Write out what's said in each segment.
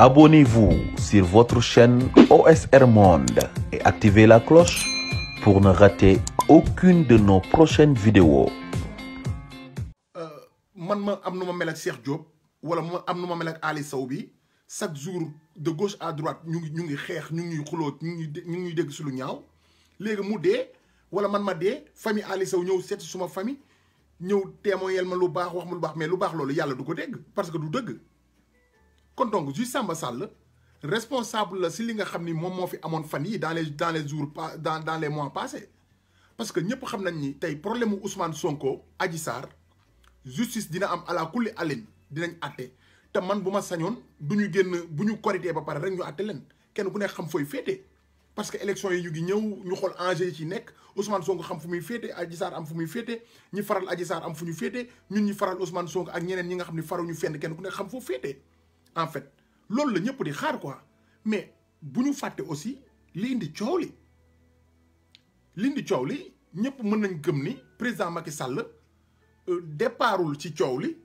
Abonnez-vous sur votre chaîne OSR Monde et activez la cloche pour ne rater aucune de nos prochaines vidéos. Euh, man ma am nu ma mel ak Cheikh Diop wala ma am nu ma mel ak Ali Sow bi chaque jour de gauche à droite ñu ngi ñu ngi xeex ñu ngi ñuy ñu ngi ñu ngi dégg si lu ñaaw léegi mu dee wala man ma dee famille Ali Sow ñëw seet suma famille ñëw témoignel ma lu baax wax ma lu baax mais lu baax loolu yàlla du ko dégg parce que du dëgg. kon donc juge Samba Sall responsable la si li nga xam ni moom moo fi amoon fan yi dans les dans les jours pas dans dans les mois passés parce que ñëpp xam nañ ni tey problème mu Ousmane Sonko Adji Sarr dina am ala kulli alin dinañ àtte te man bu ma sañoon du ñu génn bu ñu korité ba pare rek ñu àtte leen kenn ku nekk xam fooy féete. parce que élection yi ñu ngi ñëw ñu xool enjeu yi ci nekk Ousmane Sonko xam fu muy féete Adji Sarr am fu muy féete ñi faral Adji Sarr am fu ñu féete ñun ñi faral Ousmane Sonko ak ñeneen ñi nga xam ne faruñu fenn kenn ku nekk xam foo en fait loolu la ñëpp di xaar quoi mais bu ñu fàttee aussi li indi coow li li indi coow li ñëpp mën nañ gëm ni président Macky Sall euh, départul ci coow li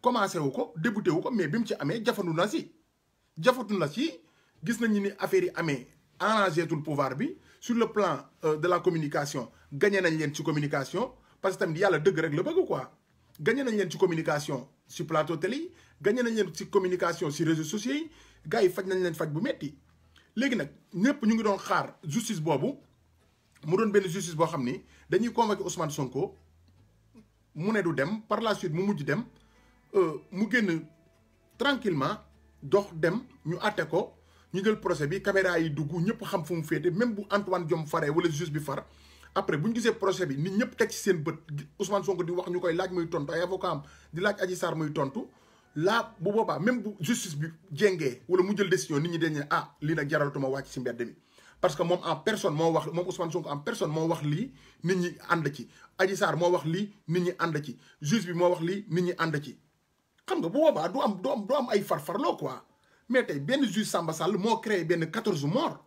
commencé wu ko débuté wu ko mais bi mu ci amee jafandu na si jafatu na si gis nañu ni affaire yi amee arrangé tout pouvoir bi sur le plan euh, de la communication gagné nañ leen ci communication parce que tamit yàlla dëgg rek la bëgg quoi gagné nañ leen ci communication ci plateau télé yi gagné nañ leen ci communication ci réseaux sociaux yi gars yi faj nañ leen faj bu metti léegi nag ñëpp ñu ngi doon xaar justice boobu mu doon benn justice boo xam ni dañuy convoqué Ousmane Sonko mu ne du dem par la suite mu mujj dem euh, mu génn tranquillement dox dem ñu àtte ko ñu jël procès bi caméra yi dugg ñëpp xam fu mu féete même bu Antoine Diome faree wala juge bi far après bu ñu gisee projet bi nit ñëpp teg ci seen bët Ousmane Sonko di wax ñu koy laaj muy tontu ay avocat am di laaj Adji Sarr muy tontu laa bu boobaa même bu justice bi jengee wala mu jël décision nit ñi dañ ne ah lii nag jaralatuma wàcc si mbedd mi. parce que moom en personne moo wax moom Ousmane Sonko en person moo wax lii nit ñi ànd ci Adji Sarr moo wax lii nit ñi ànd ci juge bi moo wax lii nit ñi ànd ci. xam nga bu boobaa du am du am du am ay farfarloo quoi mais tey benn juge Samba Sall moo créé benn 14 morts.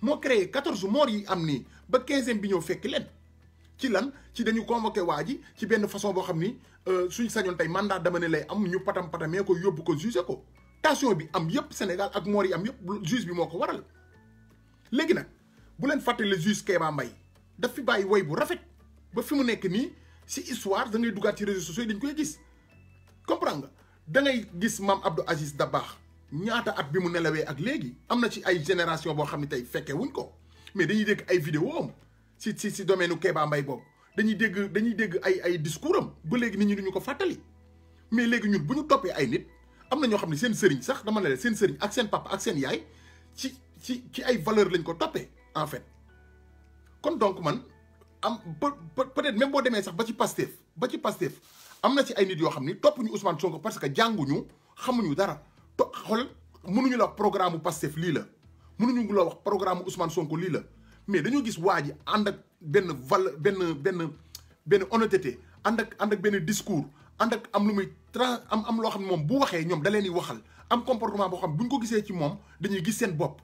moo créé quatorze morts yi am nii ba quinzième bi ñëw fekk leen ci lan ci dañu convoqué waa ji ci benn façon boo xam ni euh, suñ sañoon tey mandat dama ne lay am ñu patam patamee ko yóbbu ko jugé ko tension bi am yëpp Sénégal ak morts yi am yëpp juge bi moo ko waral léegi nag bu leen fàttali juge Kéba Mbaye daf fi bàyyi woy bu rafet ba fi mu nekk nii si histoire da ngay duggaat ci réseaux sociaux yi dañ koy gis comprendre nga da ngay gis maam Abdou Aziz Dabakh ñaata at bi mu nelawee ak léegi am na ci ay génération boo xam ne tey fekkee wuñ ko mais dañuy dégg ay vidéo am si si si domaine u Kéba Mbaye boobu dañuy dégg dañuy dégg ay ay discours am ba léegi nit ñi duñu ko fàttali mais léegi ñun bu ñu toppee ay nit am na ñoo xam ne seen sëriñ sax dama ne la seen sëriñ ak seen papa ak seen yaay ci ci ci ay valeur lañ ko toppee en fait kon donc man am peut-être même boo demee sax ba ci Pastef ba ci Pastef am na ci ay nit yoo xam ni topp ñu Ousmane Sonko parce que jànguñu xamuñu dara to xool mënuñu la programme bu Pastef lii la munuñu la wax programme Ousmane Sonko lii la mais dañoo gis waa ji ànd ak benn val benn benn benn honnêteté ànd ak ànd ak benn discours ànd ak am lu muy trans am am loo xam ne moom bu waxee ñoom da leen di waxal am comportement boo xam bu ñu ko gisee ci moom dañuy gis seen bopp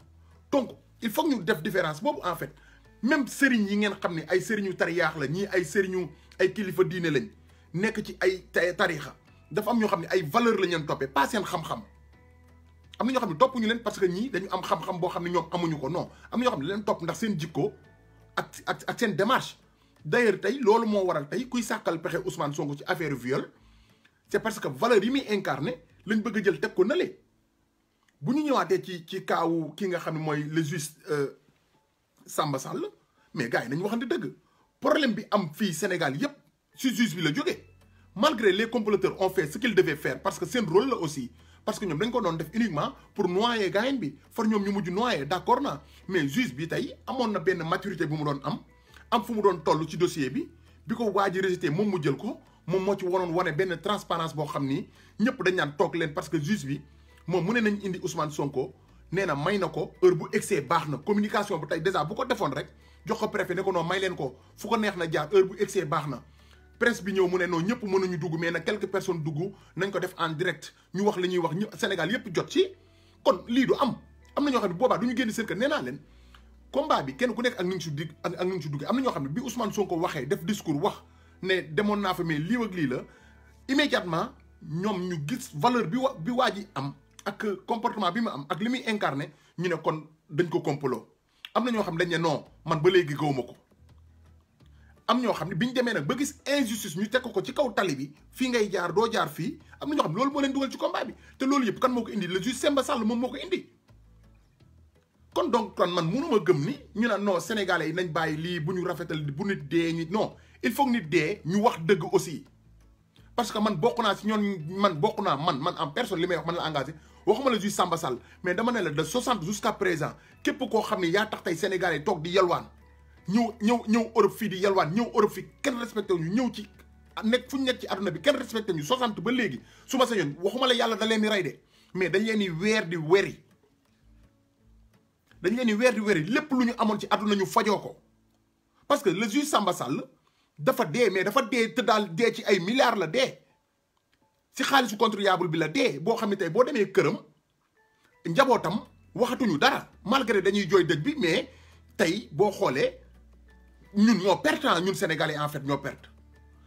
donc il faut ñu def différence boobu en fait même sëriñ yi ngeen xam ne ay sëriñu tariyaax la ñii ay sëriñu ay kilifa diine lañ nekk ci ay tariixa dafa am ñoo xam ne ay valeur la ñu leen toppee seen xam am na ñoo xam ne topp ñu leen parce que ñii dañu am xam-xam boo xam ne ñoom amuñu ko non am na ñoo xam ne leen topp ndax seen jikko ak ak ak seen démarche d'ailleurs tey loolu moo waral tey kuy sàkkal pexe Ousmane Sonko ci affaire viol c'est parce que valeur yi muy incarné lañ bëgg a jël teg ko na nale bu ñu ñëwaatee ci ci kaawu kii nga xam ne mooy le juge euh, Samba Sall mais gars yi nañu waxante dëgg problème bi am fii Sénégal yépp si juge bi la jógee malgré les comploteurs ont fait ce qu'ils devaient faire parce que seen la aussi parce que ñoom dañ ko doon def uniquement pour noyer gaayen bi far ñoom ñu mujj noyer d'accord na mais juge bi tey amoon na benn maturité bu mu doon am am fu mu doon toll ci dossier bi bi ko waa ji rejeté moom mu jël ko moom moo ci waroon wane benn transparence boo xam ni ñëpp dañ naan toog leen parce que juge bi moom mu ne nañ indi Ousmane Sonko nee na may na ko heure bu excès baax na communication bu tey déjà bu ko defoon rek jox ko préfet ne ko noon may leen ko fu ko neex na jaar bu excès baax na presse bi ñëw mu ne non ñëpp nañu dugg mais nag quelques person dugg nañ ko def en direct ñu wax li ñuy wax ñu Sénégal yëpp jot ci. kon lii du am am na ñoo xam ne boobaa du ñu génn seen kër nee naa leen combat bi kenn ku nekk ak nu ñu si dig ak nu ñu si duggee am na ñoo xam ne bi Ousmane Sonko waxee def discours wax ne demoon naa fa mais lii ak lii la immédiatement ñoom ñu gis valeur bi wa bi waa ji am ak comportement bi mu am ak li muy incarné ñu ne kon dañ ko complot am na ñoo xam dañ ne non man ba léegi gëwuma ko. am ñoo xam ne bi ñu demee nag ba gis injustice ñu teg ko ci kaw tali bi fii ngay jaar doo jaar fii am na ñoo xam ne loolu moo leen dugal ci combat bi te loolu yëpp kan moo ko indi le juge Samba Sall moom moo ko indi. kon donc kon man mënuma gëm ni ñu naan non sénégalais yi nañ bàyyi lii bu ñu rafetal bu nit dee ñu non il faut nit ñu wax dëgg aussi. parce que man bokk naa si ñoon man bokk naa man man en personne li may wax man la engagé waxuma la juge Samba Sall mais dama ne la de 60 jusqu'à présent képp koo xam ne yaa tax tey sénégalais toog di yalwaan. ñëw ñëw ñëw Europe fii di yalwaan ñëw Europe fii kenn respecté wu ñu ñëw ci nekk fu ñu nekk ci àdduna bi kenn respecté ñu 60 ba léegi su ma sañoon waxuma la yàlla da leen di rey de mais dañ leen di weer di weri dañ leen di weer di weri lépp lu ñu amoon ci àdduna ñu fajoo ko parce que le juge Samba Sall dafa dee mais dafa dee te daal dee ci ay milliards la de si xaalisu contribuable bi la de boo xam ne tey boo demee këram njabootam waxatuñu dara malgré dañuy jooy dëj bi mais tey boo xoolee. ñun ñoo perte ah ñun sénégalais en fait ñoo perte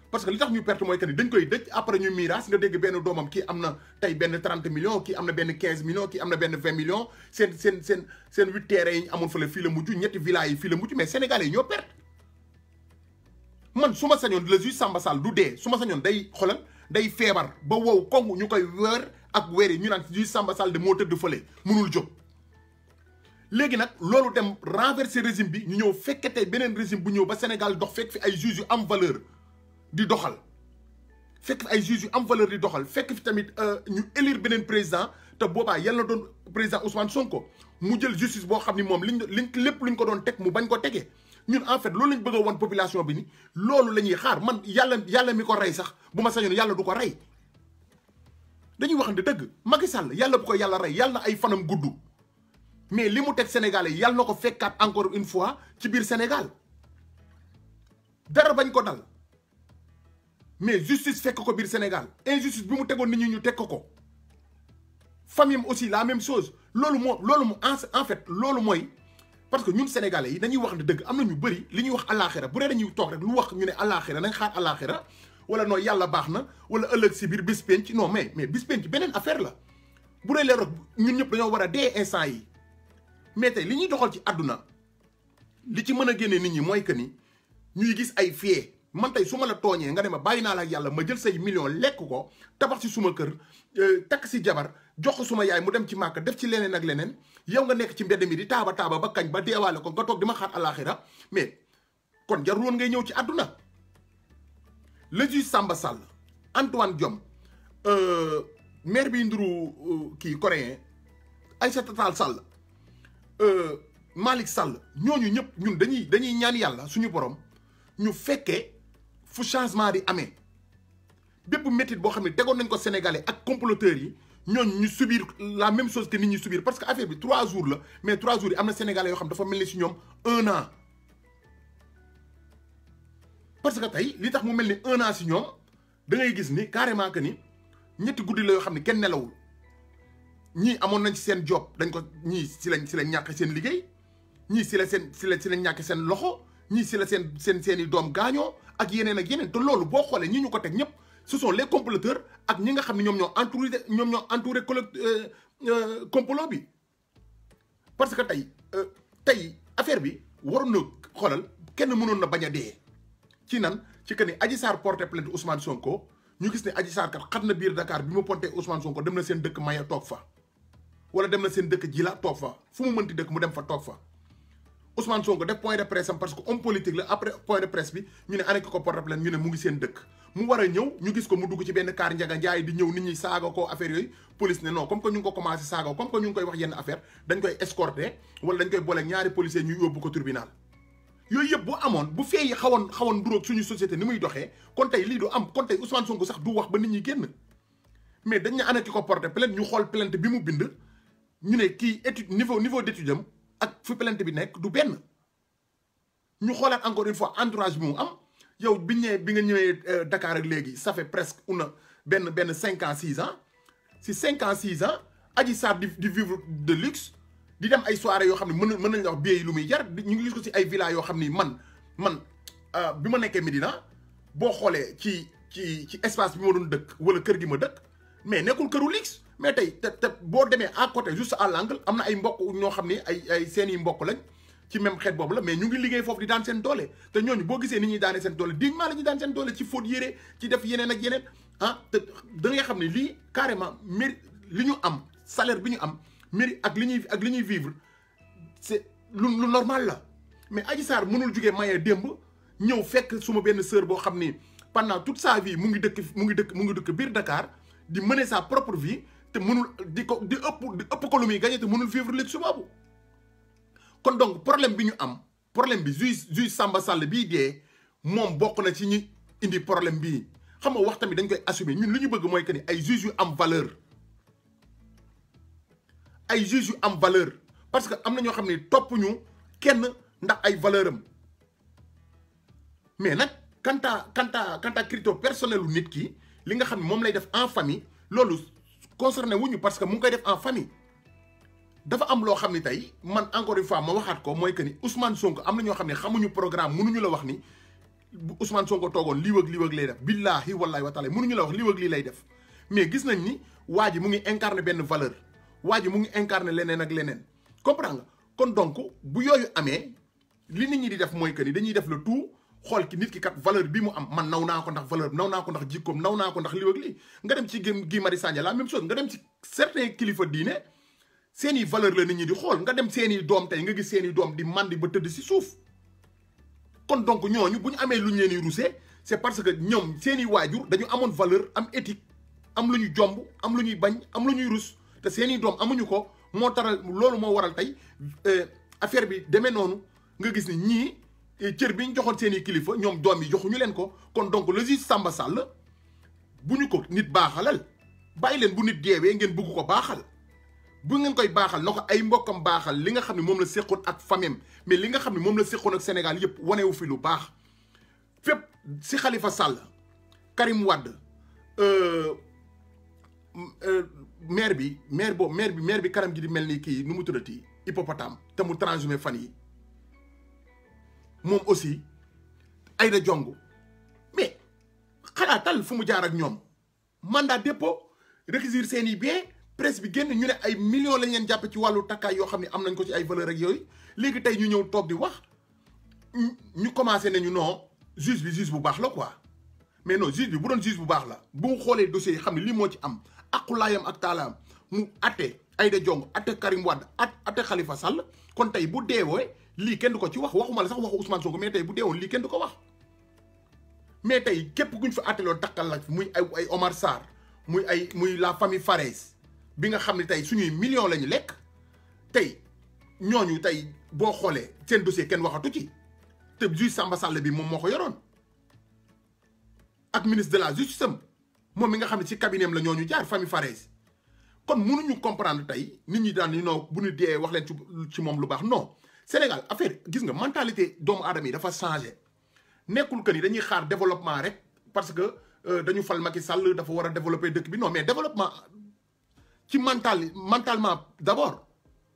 parce que li tax ñu perte mooy que dañ koy dëj après ñu miiras nga dégg benn doomam kii am na tey benn trente millions kii am na benn quinze millions ki am na benn vingt millions seen seen seen seen huit terrain yi ñu amoon fële fii la mujj ñetti villa yi fii la mujj mais sénégalais yi ñoo perte. man su ma sañoon le juge Samba Sall du dee su ma sañoon day xoolal day feebar ba wow koŋŋ ñu koy weer ak weer yi ñu naan Samba Sall moo tëdd fële mënul jóg. léegi nag loolu dem renverser régime bi ñu ñëw fekkete beneen régime bu ñëw ba Sénégal dox fekk fi ay juges yu am valeur di doxal fekk fi ay juges yu am di doxal fekk fi tamit euh, ñu élire beneen président te boobaa yàlla na doon président Ousmane Sonko mu jël justice boo xam ni moom liñ liñ lépp luñ ko doon teg mu bañ ko tegee ñun en fait loolu lañ bëgg a wan population bi ni loolu la ñuy xaar man yàlla yàlla mi ko rey sax bu ma sañoon yàlla du ko rey dañuy waxante dëgg Macky Sall yàlla bu ko yàlla rey yàlla na ay fanam gudd. mais li mu teg Sénégalais yal na ko fekkaat encore une fois ci biir Sénégal dara bañ ko dal mais justice fekk ko biir Sénégal injustice bi mu tegoon nit ñi ñu teg ko ko famille aussi la même chose loolu moo loolu mu en fait loolu mooy parce que ñun sénégalais yi dañuy wax ne dëgg am na ñu bëri li ñuy wax àllaaxira bu dee dañuy toog rek lu wax ñu ne àllaaxira nañ xaar àllaaxira wala non yàlla baax na wala ëllëg si biir bis ci non mais mais bis penc beneen affaire la bu dee leen ñun ñëpp dañoo war a dee instant yi mais tey li ñuy doxal ci àdduna li ci mën a génne nit ñi mooy que ni ñuy gis ay fee man tey su ma la tooñee nga dem a bàyyi naa la yàlla ma jël say million lekk ko tabax si suma kër euh, takk si jabar jox ko suma yaay mu dem ci màkk def ci leneen ak leneen yow nga nekk ci mbedd mi di taaba taaba ba kañ ba deewaale ko nga toog di ma xaar alaaxira mais kon jarul ngay ñëw ci àdduna le sàmba Samba Sall Antoine euh, maire bi nduru euh, kii coréen Aïssata Tall Sall Euh, Malick Sall ñooñu ñëpp ñun dañuy dañuy ñaan yàlla suñu borom ñu fekkee fu changement di amee bépp métit boo xam ne tegoon nañ ko sénégalais ak comploteurs yi ñooñu ñu subiir la même chose que nit ñu subir parce que affaire bi trois jours la mais trois jours yi am na sénégalais yoo xam dafa mel ni si parce que tey li tax mu mel ni un an si ñoom da ngay gis ni carrément que ni ñetti guddi la yoo xam ne kenn nelawul. ñii amoon nañ seen job dañ ko ñii si lañ si lañ ñàkk seen liggéey ñii si la seen si la si lañ ñàkk seen loxo ñii si la seen seeni doom gaañoo ak yeneen ak yeneen te loolu boo xoolee ñi ñu ko teg ñëpp ce sont les comploteurs ak ñi nga xam ne ñoom ñoo entouré ñoom ñoo entouré euh, euh, complot bi. parce que tey euh, tey affaire bi waroon na xoolal kenn mënoon na bañ a dee ci nan ci que ni Adji Sarr porté plainte Ousmane Sonko ñu gis ne Adji Sarr kat xat na biir Dakar bi mu ponté Ousmane Sonko dem na seen dëkk Maya toog fa. wala dem na seen dëkk ji la toog fa fu mu mënti dëkk mu dem fa toog fa Ousmane Sonko def point de presse am parce que homme politique la après point de presse bi ñu ne aneka ko portable ñu ne mu ngi seen dëkk a ko mu dugg ci benn kaar njaga njaay di ñëw nit ñi saaga ko affaire yooyu police ne non ko commencé saaga comme que ñu ngi koy ko tribunal yooyu yëpp bu amoon bu feeyi xawoon xawoon duróog suñu société ni muy doxee kon tey lii du am kon tey Ousmane Sonko sax du wax ba ñu xool plainte bi mu bind ñu ne kii étude niveau niveau d'étude am ak fu plainte bi nekk du benn ñu xoolaat encore une fois entourage bi mu am yow bi ñëwee bi nga ñëwee euh, dakaar ak léegi ça fait presque una benn benn cinq ans six ans si cinq ans six ans Adji Sarr di di vivre de luxe di dem ay soirées yoo xam ne mën mën nañ la wax lu muy jar ñu ngi gis ko si ay villas yoo xam ni man man euh, bi ma nekkee Médina boo xoolee ci ci ci espace bi ma doon dëkk wala kër gi ma dëkk mais nekkul këru luxe mais tey te te boo demee à côté juste à l'angle am na ay mbokk ñoo xam ne ay ay seen i mbokk lañ ci même xeet boobu la mais ñu ngi liggéey foofu di daan seen doole te ñooñu boo gisee ni ñuy daane seen doole dignement la ñuy daan seen doole ci fóot yére ci def yeneen ak yeneen ah te da ngay xam ne lii carrément mérite li ñu am salaire bi ñu am mérite ak li ñuy ak li ñuy vivre c'est lu lu normal la mais Adji Sarr mënul jugee maye démb ñëw fekk ma benn sœur boo xam ni pendant toute sa vie mu ngi dëkk mu ngi dëkk mu ngi dëkk biir Dakar di mener sa propre te mënul di ko di ëpp di ëpp ko lu muy gagné te mënul vivre léegi su kon donc problème bi ñu am problème bi juge juge Samba Sall bii dee moom bokk na ci ñi indi problème bii xam nga wax tamit dañ koy assumer ñun li ñu bëgg mooy que ni ay juges yu am valeur ay juges yu am valeur parce que am na ñoo xam ne topp ñu kenn ndax ay valeur am mais nag quant à quant à quant à critère nit ki li nga xam ne moom lay def en famille loolu concerné wuñu parce que mu ngi koy def en famille dafa am loo xam ni tey man encore une fois ma waxaat ko mooy que ni Ousmane Sonko am na xam ne xamuñu programme mënuñu la wax ni bu Ousmane Sonko toogoon lii wëg lii wëg lay def billaahi wallaahi wa taala mënuñu la wax lii wëg lii lay def mais gis nañ ni waa ji mu ngi incarné benn valeur waa ji mu ngi incarné leneen ak leneen comprendre nga kon donc bu yooyu amee li nit ñi di def mooy que ni dañuy def le tout xool ki nit ki kat valeur bi mu am man naw naa ko ndax valeur naw naa ko ndax jikkoom naw naa ko ndax lii ak lii nga dem ci Guy Marius Sagna la même chose nga dem ci certains kilifa diine seeni valeur la nit ñi di xool nga dem seeni doom tey nga gis seeni doom di mandi ba tëdd si suuf kon donc ñooñu bu ñu amee lu ñu leen ruse rusee c'est parce que ñoom seeni waajur dañu amoon valeur am éthique am lu ñu jomb am lu ñuy bañ am lu ñuy rus te seeni doom amuñu ko moo taral loolu moo waral tey euh, affaire bi demee noonu nga gis ni ñii cër bi ñu joxoon seen i kilifa ñoom doom yi joxuñu leen ko kon donc le juge Samba Sall bu ñu ko nit baaxalal bàyyi leen bu nit deewee ngeen bugg ko baaxal bu ngeen koy baaxal na ko ay mbokkam baaxal li nga xam ne moom la séqoon ak famem mais li nga xam ne moom la séqoon ak Sénégal yëpp wu fi lu baax fépp si Khalifa Sall Karim wàdd euh, euh, maire bi maire boobu maire bi maire bi kanam gi di mel ni kii nu mu tuddati hippopotame te mu transhumé fan yi moom aussi Aïda Ndiongue mais xalaatal fu mu jaar ak ñoom mandat dépôt réquisir seen i bien presse bi génn ñu ne ay million lañ leen jàpp ci wàllu takkaay yoo xam ne am nañ ko ci ay valeur ak yooyu léegi tey ñu ñëw toog di wax ñu commencé nañu noo juge bi juge bu baax la quoi mais noo juge bi bu doon juge bu baax la bu xoolee dossier xam ne lii moo ci am aqulaayam ak taalaam mu atte Aïda Ndiongue atte Karim Wade atte xalifa Sall kon tey bu deewee lii kenn du ko ci wax waxuma sax waxu Ousmane Sonko mais tey bu deewoon lii kenn du ko wax mais tey képp guñ fa atteloo dakkal la muy ay ay Omar Sarr muy ay muy la famille farais bi nga xam ne tey suñuy million la ñu lekk tey ñooñu tey boo xoolee seen dossier kenn waxatu ci te juge Samba Sall bi moom moo ko yoroon ak ministre de la justice am moom mi nga xam ne ci cabinet am la ñooñu jaar famille Farès kon mënuñu comprendre tey nit ñi daan ni noo bu nu dee wax leen ci ci moom lu baax non Sénégal affaire gis nga mentalité doomu aadama yi dafa changé nekkul que ni dañuy xaar développement rek parce que euh, dañu fal Macky sàll dafa war a développer dëkk bi non mais développement ci mental mentalement d'abord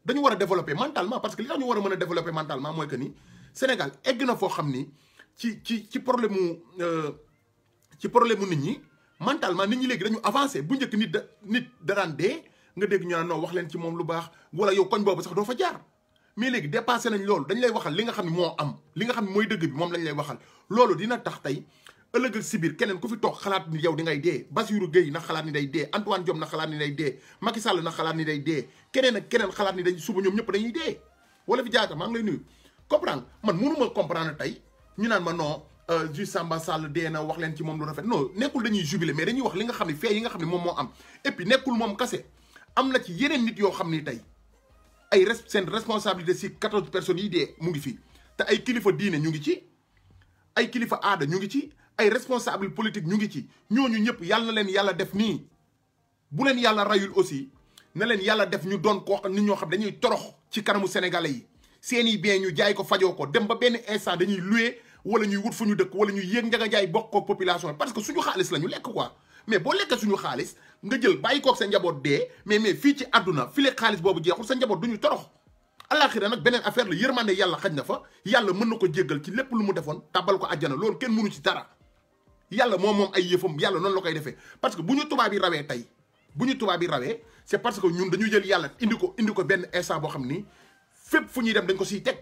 dañu war a développer mentalement parce que li tax ñu war a mën a développer mentalement mooy que ni Sénégal egg na foo xam ni ci ci ci problème mu euh, ci problème mu nit ñi mentalement nit ñi léegi dañu avancé bu njëkk nit da nit da nga dégg ñu naan non leen ci moom lu baax wala yow koñ boobu sax doo fa jaar. mais léegi dépassé nañ loolu dañ lay waxal li nga xam ne moo am li nga xam ne mooy dëgg bi moom lañ lay waxal loolu dina tax tey ëllëgal si biir keneen ku fi toog xalaat ni yow di ngay dee Bassirou Gueye na xalaat ni day dee Antoine Diome na xalaat ni day dee Macky na xalaat ni day dee keneen keneen xalaat ni dañ suba ñoom ñëpp dañuy dee wala fi jaata maa ngi lay nuyu comprendre man mënuma ñu naan ma non juge euh, Samba dee na wax leen ci moom lu rafet non nekkul dañuy juble mais dañuy wax li nga xam ne fee yi nga xam ne moom moo am et puis nekkul moom kase am na ci yeneen nit yoo xam ni tey ay res seen responsabilité si quatorze personnes yi dee mu ngi fi te ay kilifa diine ñu ngi ci ay kilifa aada ñu ngi ci ay responsable politique ñu ngi ci ñooñu ñëpp yàlla na leen yàlla def nii bu leen yàlla rayul aussi na leen yàlla def ñu doon koo xam ni ñoo xam dañuy torox ci kanamu sénégalais yi seeni bien ñu jaay ko fajoo ko dem ba benn instant dañuy louer wala ñuy wut fu ñu dëkk wala ñu yéeg njaga jaay bokk ko population parce que suñu xaalis la ñu lekk quoi mais boo lekkee suñu xaalis nga jël bàyyi koog sa njaboot dee mais mais fii ci àdduna file xaalis boobu jeexul sa njaboot du ñu torox alaxira nag beneen affaire la yërmande yàlla xaj na fa yàlla mën na ko jéggal ci lépp lu mu defoon tàbbal ko àjjana loolu kenn mënu ci dara yàlla moom moom ay yëfam yàlla noonu la koy defee parce que bu ñu tubaab yi rawee tey bu ñu tubaab yi rawee c'est parce que ñun dañu jël yàlla indi ko indi ko benn instant boo xam ni fépp fu ñuy dem dañ ko siy teg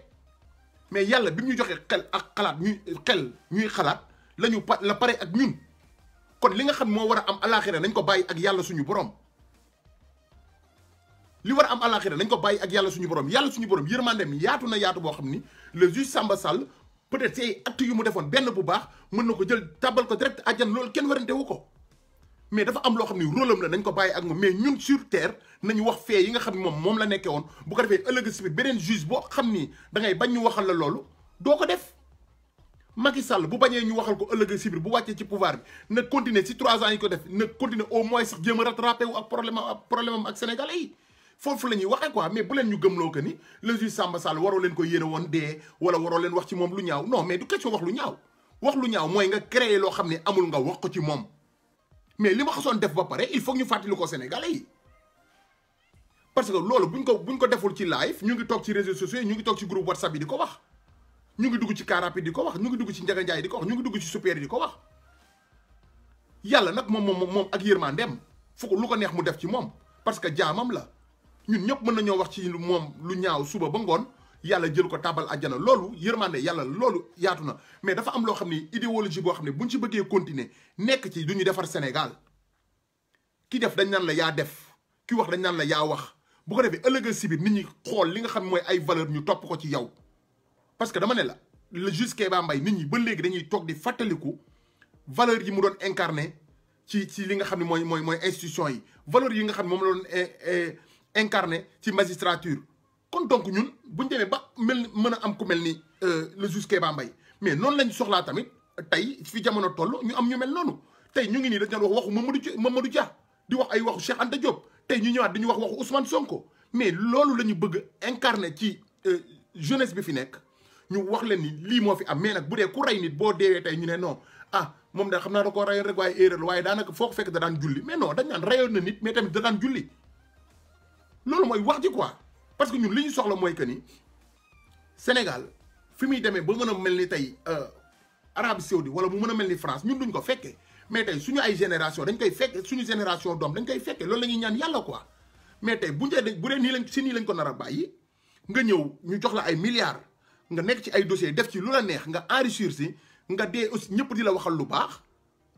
mais yàlla bi mu ñu joxee xel ak xalaat ñuy xel ñuy xalaat lañu la pare ak ñun kon li nga xam moo war a am alaxira nañ ko bàyyi ak yàlla suñu borom li war a am alaxira ko bàyyi ak yàlla suñu borom yàlla suñu borom yërmandeem yaatu na yaatu boo xam ni le juge Samba Sall peut-être ci ay actes yu mu defoon benn bu baax mën na ko jël tàbbal ko direct àjjan loolu kenn warante wu ko mais dafa am loo xam ni rôle am la nañ ko bàyyi ak moom mais ñun sur terre nañu wax fee yi nga xam ni moom moom la nekkee woon bu ko defee ëllëg si beneen juge boo xam ni dangay bañ ñu waxal la loolu doo ko def. Macky sàll bu bañee ñu waxal ko ëllëg si biir bu wàccee ci pouvoir bi na continuer si trois ans yi ko def na continuer au moins sax jéem a rattrapé wu ak problème ak problème ak sénégalais yi. foofu la ñuy waxee quoi mais bu leen ñu gëmloo que ni le juge Samba Sall waroo leen ko yéene woon dee wala waroo leen wax ci moom lu ñaaw non mais du question wax lu ñaaw wax lu ñaaw mooy nga créer loo xam ne amul nga wax ko ci moom. mais li ma xasoon def ba pare il faut ñu fàttali ko sénégalais yi parce loolu buñ ko buñ ko deful ci live ñu ngi toog ci réseaux ñu ngi toog ci groupe whatsapp yi di ko wax. ñu ngi dugg ci car rapide di ko wax ñu ngi dugg ci Ndiaga Ndiaye di ko wax ñu ngi dugg ci super di ko wax yàlla nag moom moom moom ak yërmandeem fu ko lu ko neex mu def ci moom parce que jaamam la ñun ñëpp mën na ñoo wax ci moom lu ñaaw suba ba ngoon yàlla jël ko tàbbal àjjana loolu yërmande yàlla loolu yaatu na mais dafa am loo xam ni idéologie boo xam ne ñu ci bëggee continuer nekk ci du ñu defar Sénégal ki def dañ naan la yaa def ki wax dañ naan la yaa wax bu ko defee ëllëgal si biir nit ñi xool li nga xam mooy ay valeur ñu topp ko ci yow parce que dama ne la le juge Kéba Mbaye nit ñi ba léegi dañuy toog di fàttaliku valeur yi mu doon incarné ci ci li nga xam ne mooy mooy mooy institution yi valeur yi nga xam ne moom la doon eh, eh, incarné ci magistrature kon donc ñun buñu demee ba mel mën a am ku mel ni euh, le juge Kéba Mbaye mais noonu lañ soxlaa tamit tey fi jamono toll ñu am ñu mel noonu tey ñu ngi nii dañu wax waxu ma du jaa di wax ay waxu Cheikh Anta Diop tey ñu ñëwaat dañuy wax waxu Ousmane Sonko mais loolu la ñu bëgg incarné ci euh, jeunesse bi fi nekk ñu wax leen ni lii moo fi am mais nag bu dee ku rey nit boo deewee tey ñu ne non ah moom daal xam naa da ko rayoon rek waaye erreur waaye daanaka foo ko fekk da daan julli mais non dañ naan rayoon na nit mais tamit da daan julli loolu mooy wax ji quoi parce que ñun li ñu soxla mooy que ni Sénégal fi muy demee ba mën a mel ni tey euh, Arabie Saoudite wala mu mën a mel ni France ñun duñ ko fekkee mais tey ay génération dañ koy fekke suñu génération doom dañ koy fekke loolu la ñuy ñaan yàlla ko mais tey bu njëriñ bu dee nii lañ si nii lañ ko nar a bàyyi nga ñëw ñu jox la ay milliards. nga nekk ci ay dossier def ci lu la neex nga enrichir si nga dee aussi ñëpp di la waxal lu baax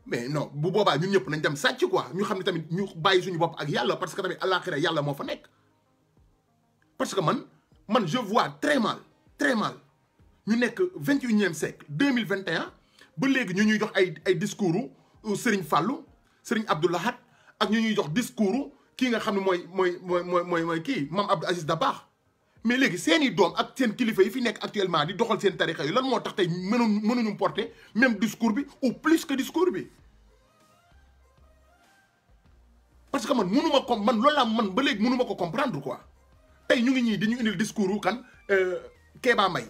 mais non bu boobaa ñu ñëpp nañ dem sàcc quoi ñu xam ne tamit ñu bàyyi suñu bopp ak yàlla parce que tamit àllaaxira yàlla moo fa nekk. parce que man man je vois très mal très mal ñu nekk vingt et unième siècle deux mille vingt et un ba léegi ñu ñuy jox ay ay discours Serigne Fallou Serigne Abdou Lahad ak ñu ñuy jox discours kii nga xam ne mooy mooy mooy mooy kii Mame Abdou Aziz Dabakh mais léegi seeni doom ak seen kilifa yi fi nekk actuellement di doxal seen tarixa yi lan moo tax tey mënuñu mënuñu porter même discours bi ou plus que discours bi parce que man mënu ma ko man loolu laa man ba léegi mënu ko comprendre quoi tey ñu ngi ñii dañu ñu indil discours wu kan euh, Kéba may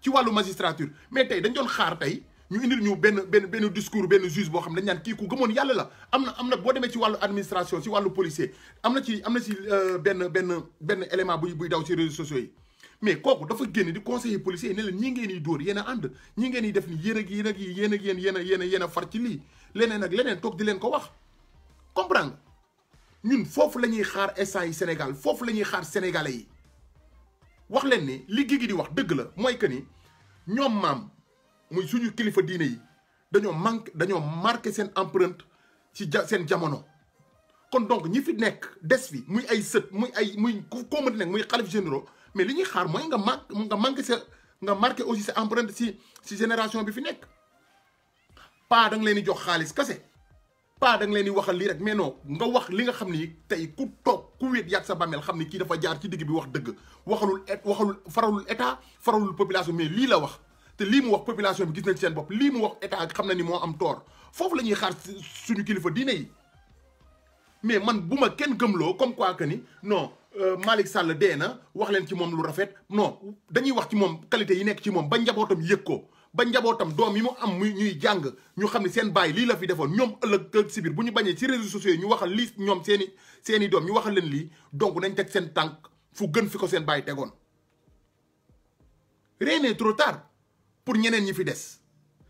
ci wàllu magistrature mais tey dañ doon xaar tey. ñu indil ñu benn benn benn discours benn juge boo xam ne dañ naan kii ku gëmoon yàlla la am na am na boo demee ci wàllu administration ci wàllu policier am na ci am na ci euh, benn benn benn élément buy buy daw ci réseaux sociaux yi mais kooku dafa génn di conseiller policier yi ne leen ñii ngeen di dóor yéen a ànd ngeen di def ni yéen ak yéen ak yéen ak yéen yéen a yéen a far ci lii leneen ak leneen toog di leen ko wax comprendre ñun foofu la ñuy xaar instant yi Sénégal foofu la ñuy xaar sénégalais yi wax leen ni li gi di wax dëgg la mooy que ni ñoom maam muy suñu kilifa diine yi dañoo manqué dañoo marqué seen empreinte ci ja seen jamono. kon donc ñi fi nekk des fi muy ay sët muy ay muy koo mën nekk muy xalif généraux mais li ñuy xaar mooy nga ma nga manqué sa nga marqué aussi sa empreinte si si génération bi fi nekk. pas da leen di jox xaalis kase pas da nga leen di waxal lii rek mais non nga wax li nga xam ni tey ku toog ku weet yaat sa bàmmeel xam ni kii dafa jaar ci digg bi wax dëgg waxalul waxalul faralul état faralul population mais lii la wax. te lii mu wax population bi gis nañ seen bopp lii mu wax état xam na ni moo am tort foofu la ñuy xaar suñu kilifa diine yi mais man bu ma kenn gëmloo comme quoi que ni no euh, Malick sàll dee na wax leen ci moom lu rafet non dañuy wax ci moom qualité yi nekk ci moom ba njabootam yëg ko ba njabootam doom yi mu am muy ñuy jàng ñu xam ne seen baay lii la fi defoon ñoom ëllëg si biir bu ñu bañee ci réseaux sociaux yi ñu waxal lii ñoom seen seeni seen i doom ñu waxal leen lii donc nañ teg seen tànk fu gën fi ko seen baay tegoon rien pour ñeneen ñi fi des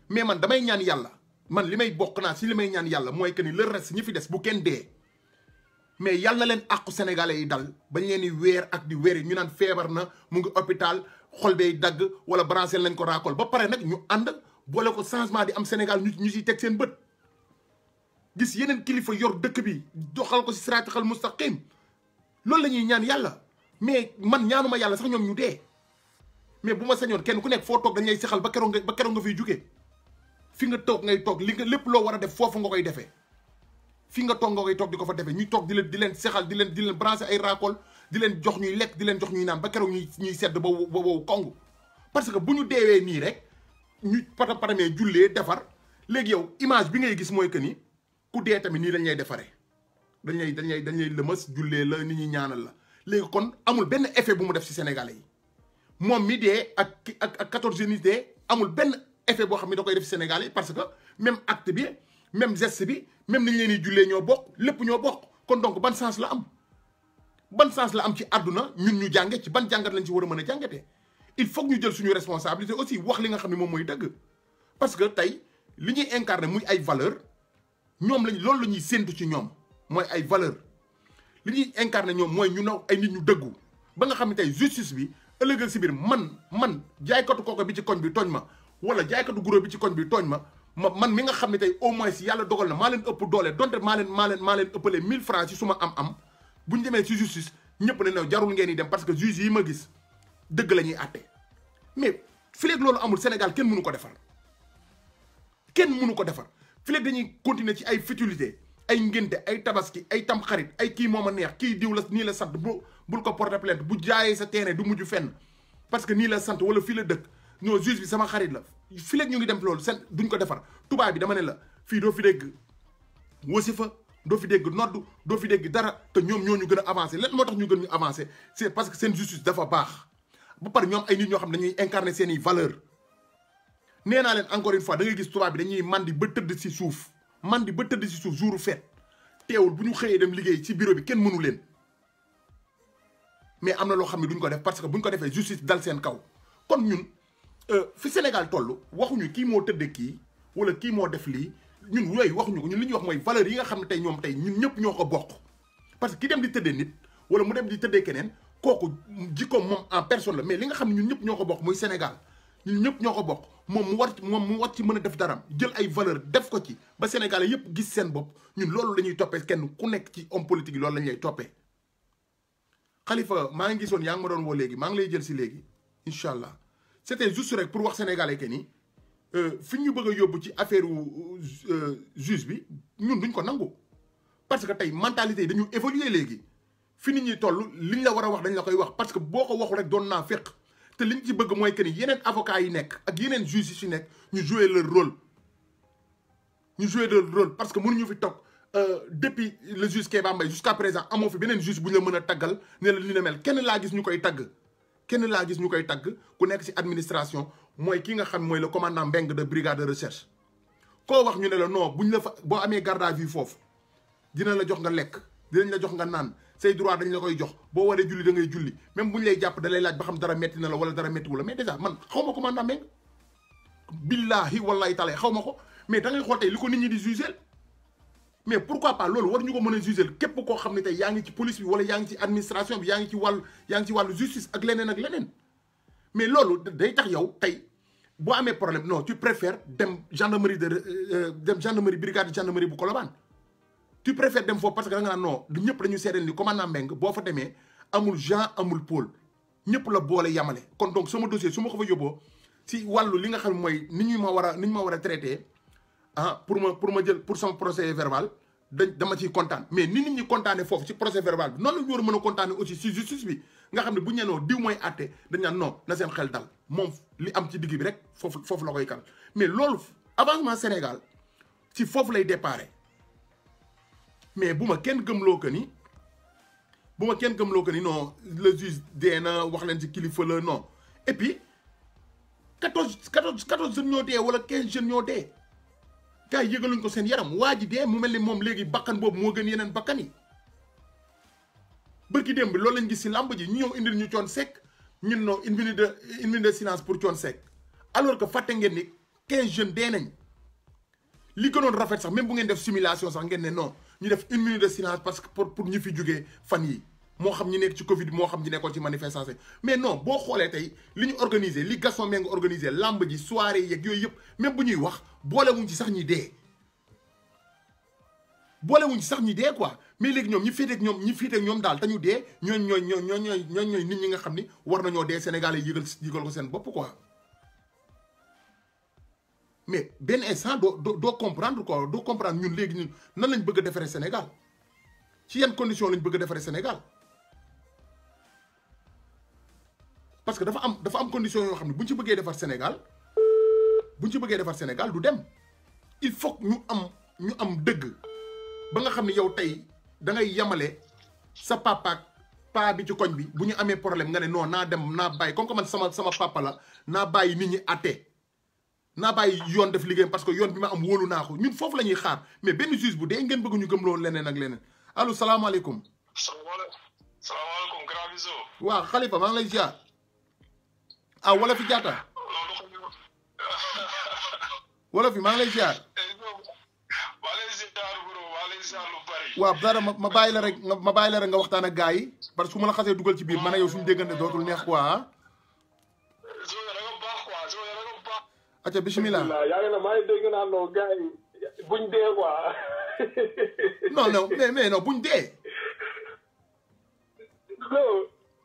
mais man damay ñaan yàlla man li may bokk naa si li may ñaan yàlla mooy que ni le reste ñi fi des bu kenn dee mais yàlla leen àqu sénégalais yi dal bañ leen di weer ak di weer ñu naan feebar na mu ngi hôpital xol bay dagg wala branché lañ ko raakol ba pare nag ñu ànd boole ko changement di am Sénégal ñu ñu siy teg seen bët. gis yeneen kilifa yor dëkk bi doxal ko si siraatal mustaqim loolu la ñuy ñaan yàlla mais man ñaanuma yàlla sax ñoom ñu dee. mais bu ma sañoon kenn ku nekk foo toog dañuy sexal ba keroog nga ba keroog nga fiy jugee fi nga toog ngay toog li nga lépp loo war a def foofu nga koy defee fi nga toog nga koy toog di ko fa defee ñuy toog di leen di leen sexal di leen di leen branché ay raakool di leen jox ñuy lekk di leen jox ñuy naan ba keroog ñuy ñuy sedd ba wow ba parce que bu ñu deewee nii rek ñu pata paramee jullee defar léegi yow image bi ngay gis mooy que ni ku dee tamit nii dañ lay defaree dañ lay dañ lay dañ lay la nit ñi ñaanal la léegi kon amul benn effet bu mu def ci sénégalais moom mi dee ak ak ak quatorze jeunes amul benn effet boo xam ne dakoy def Sénégal parce que même acte bi même geste bi même nañ leen di jullee ñoo bokk lépp ñoo bokk kon donc ban sens la am ban sens la am ci àdduna ñun ñu jànge ci ban jàngat lañ ci war a mën a jàngatee il faut ñu jël suñu responsabilité aussi wax li nga xam ne moom mooy dëgg parce que tey li ñuy incarné muy ay valeur ñoom lañ loolu la ñuy séntu ci ñoom mooy ay valeur li ñuy incarné ñoom mooy ñu naw ay nit ñu dëggu ba nga xam ne tey justice bi ëllëg si biir man man jaaykatu kooko bi ci koñ bi tooñ ma wala jaaykatu guro bi ci koñ bi tooñ ma ma man mi nga xam ne tey au moins yàlla dogal na maa leen ëpp doole donte maa leen maa leen maa leen ëppalee francs si su ma am am bu ñu demee si justice ñëpp ne new jarul ngeen di dem parce que juge yi ma gis dëgg la ñuy àtte mais fileeg loolu amul Sénégal kenn mënu ko defar kenn mënu ko defar fileeg dañuy continuer ci ay futilité ay ngénte ay tabaski ay tamxarit ay kii moom a neex kii diw la nii la sant bu bul ko porter plainte bu jaayee sa terrain du mujj fenn parce que nii la sant wala fii la dëkk ñoo juge bi sama xarit la fii léegi ñu ngi dem loolu seen duñ ko defar tubaab bi dama ne la fii doo fi dégg wasifa doo fi dégg nodd doo fi dégg dara te ñoom ñoo ñu gën a avancé lan moo tax ñu gën ñu avancé c'est parce que seen justice dafa baax ba pare ñoom ay nit ñoo xam ne dañuy incarner seeni i valeur nee naa leen encore une fois da gis tubaab bi dañuy mandi ba tëdd si suuf mandi ba tëdd si suuf jouru feet teewul bu ñu xëyee dem liggéey ci bureau bi kenn mënu leen mais am na loo xam ne duñ ko def parce que buñ ko defee justice dal seen kaw kon ñun euh, fi Sénégal toll waxuñu kii moo tëddee kii wala kii moo def lii ñun yooyu waxuñu ko ñun li ñuy wax mooy valeurs yi nga xam ne tey ñoom tey ñun ñëpp ñoo ko boq parce que ki dem di tëddee nit wala mu dem di tëddee keneen kooku jikko moom en personne la mais li nga xam ne ñun ñëpp ñoo ko bokk muy Sénégal ñun ñëpp ñoo ko bokk moom mu war moom mu war ci mën a def daram jël ay valeur def ko ci ba Sénégalais yëpp gis seen bopp ñun loolu la ñuy toppee kenn ku nekk ci homme loolu la ñuy toppee. xalifa maa ngi soon yaa ngi ma doon woo léegi maa ngi lay jël si léegi incha allah c'était juste rek pour wax sénégalais que ni euh, fi ñu bëgg a yóbbu ci affaire euh, juge bi ñun duñ ko nangu parce que tey mentalité yi dañu évoluer léegi fi nit ñi toll liñ la war a wax dañ la koy wax parce que boo ko waxul rek doon naa féq te liñ ci bëgg mooy que ni yeneen avocat yi nekk ak yeneen juge yi si nekk ñu jouer leur rôle ñu jouer leur rôle parce que mënuñu fi toog Euh, depuis le juge Kéba Mbaye jusqu'à présent amoo fi beneen juge bu ñu la mën a taggal ne la li ne mel kenn laa gis ñu koy tagg kenn laa gis ñu koy tagg ku nekk ci administration mooy ki nga xam mooy le commandant Mbeng de brigade de recherche koo wax ñu ne la noo bu ñu la fa boo amee garde à vue foofu dina la jox nga lekk dinañ la jox nga naan say droit dañ la koy jox boo waree julli da ngay julli même bu ñu lay jàpp da lay laaj ba xam dara metti la wala dara méttiwu la mais déjà man xaw ma commandant Mbeng billaahi wallahi taala xaw ma ko mais da ngay xool li ko nit ñi mais pourquoi pas loolu war ñu ko mën a juger képp koo xam ne tey yaa ngi ci police bi wala yaa ngi ci administration bi yaa ngi ci wàllu justice ak leneen ak leneen mais loolu day tax yow tey boo amee problème noo tu préfères dem gendarmerie de euh, euh, dem gendarmerie brigade gendarmerie bu Colobane tu préfères dem foofu parce que da nga naan non ñëpp la ñu seedeel ni commandant Mbengue boo fa demee amul Jean amul Paul ñëpp la boole yamale kon donc sama dossier su ma ko fa yóbboo si wàllu li nga xam mooy ni ñu ma war a ni ma war a traité ah pour ma pour ma jël pour son procès verbal dañ dama ci kontaan mais ni nit ñi kontaanee foofu ci procès verbal bi noonu la ñu war a mën a kontaanee aussi si justice bi nga xam ne bu ñu nee diw mooy àtte dañ naan non na seen xel dal moom li am ci digg bi rek foofu foofu la koy kal mais loolu avancement Sénégal si foofu lay déparé mais bu ma kenn gëmloo que ni bu ma kenn gëmloo que ni non le juge dee na wax leen ci kilifa la non et puis quatorze quatorze quatorze ñoo dee wala quinze jeunes ñoo gars yi yëgaluñ ko seen yaram waa ji dee mu mel ni moom léegi bakkan boobu moo gën yeneen bakkan yi bërki démb bi loolu lañ gis si làmb ji ñu ñëw indil ñu coon sec ñun non une minute de une minute de silence pour coon sec alors que fàtte ngeen ni quinze jeunes dee nañ li gënoon rafet sax même bu ngeen def simulation sax ngeen ne non ñu def une minute de silence parce que pour pour ñu fi jógee fan yi moo xam ñi nekk ci Covid moo xam ñi nekkoon ci manifestation mais non boo xoolee tey li ñu organisé li Gaston Mbengue organisé làmb ji soirée yeeg yooyu yëpp même bu ñuy wax boolewuñ ci sax ñi dee. boolewuñ ci sax ñi dee quoi mais léegi ñoom ñi féeteeg ñoom ñi féeteeg ñoom daal te ñu dee ñooñ ñooñ ñooñ ñooñ ñooñ nit ñi nga xam ni war nañoo dee Sénégalais yëgal yëgal ko seen bopp quoi. mais benn instant doo doo doo comprendre quoi doo comprendre ñun léegi ñun nan lañ bëgg defaree Sénégal ci yan condition lañ bëgg defaree Sénégal. parce que dafa am dafa am condition yoo xam ne bu ñu ci bëggee defar Sénégal bu ñu ci bëggee defar Sénégal du dem il faut ñu am ñu am dëgg ba nga xam ne yow tey da ngay yamale sa papa ak paa bi ci koñ bi bu ñu amee problème nga ne non naa dem naa bàyyi comme que man sama sama papa la naa bàyyi nit ñi àtte naa bàyyi yoon def liggéeyam parce que yoon bi ma am wóolu naa ko ñun foofu la ñuy xaar mais benn juge bu dee ngeen bëgg ñu gëm loolu leneen a leneen allo salaamaaleykum. salaamaaleykum grand biso. waaw Khalifa maa ah wala fi jaata wala fi maa ngi lay ziar. waaw dara ma ma bàyyi la rek nga ma bàyyi la rek nga waxtaan ak gars yi parce que su ma la dugal ci biir man a yow suñu déggante dootul neex quoi ah. acca bisimilah. buñ dee quoi. non non mais mais non buñ dee.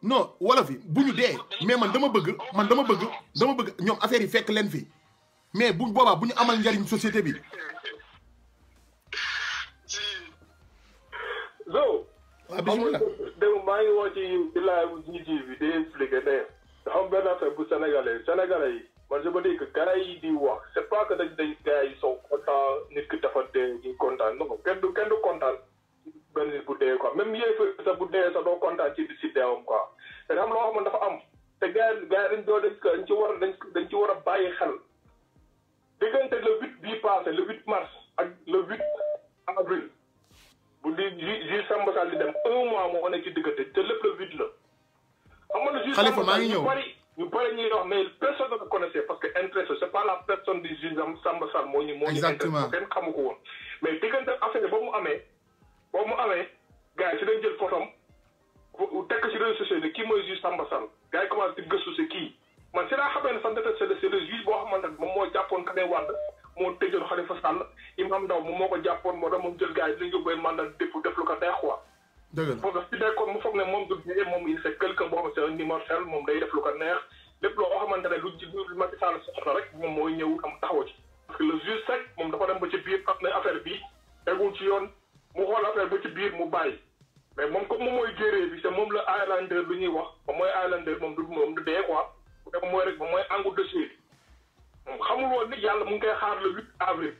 no wolof yi bu ñu dee mais man dama bëgg man dama bëgg dama bëgg ñoom affaire yi fekk leen fi mais bu boobaa bu ñu amal njariñ société bi. Zo. waaw bisimilah dégg maa ngi woo ci di laaj ñu ji bi di expliqué ne dafa am benn bu sénégalais sénégalais yi man je me dis que gars yi di wax c'est pas que dañ dañ gars yi sont content nit ki kontaan kenn du kenn du kontaan. benn bu dee quoi même yéefar sax bu dee sax doo kontaan ci si deewam quoi te am loo xam dafa am te gars yi gars yi dañ doo dañ dañ ci war bàyyi xel diggante le huit bii passé le le huit avril bu le huit la amoon na juge Samba Sall ñu bari ñu bari parce que intérêt c'est pas la personne du juge Samba moo moo ñu intérêt kenn xamu ko woon mais diggante affaire ba mu amee boo mu amee gars yi ci dañ jël fotom tekk ci réseaux sociaux yi kii mooy juge Samba Sall gars yi commencé di gëstu si kii man si laa xamee ne sax ndete c'est le juge boo xamante moom moo jàppoon Karim Wade moo tëjoon Khalifa Sall Imam Ndao moom moo ko jàppoon moo tax moom jël gars yi dinañ yóbbu mandat def lu ko neex quoi parce que nekkoon mu foog ne moom du jugee moom il fait quelqu'un boo xam c'est moom day def lu ko neex lépp loo xamante ne lu ci lu Macky Sall soxla rek moom mooy ñëw am taxaw ci parce que le juge sec moom dafa dem ba ci biir xam ne affaire bi tegul ci yoon mu xool affaire ba ci biir mu bàyyi mais moom comme moom mooy géeree moom la Highlander lu ñuy wax moom mooy Highlander moom du moom du dee quoi moom mooy rek moom mooy angu dessus bi moom xamul woon ni yàlla mu ngi koy xaar le huit avril.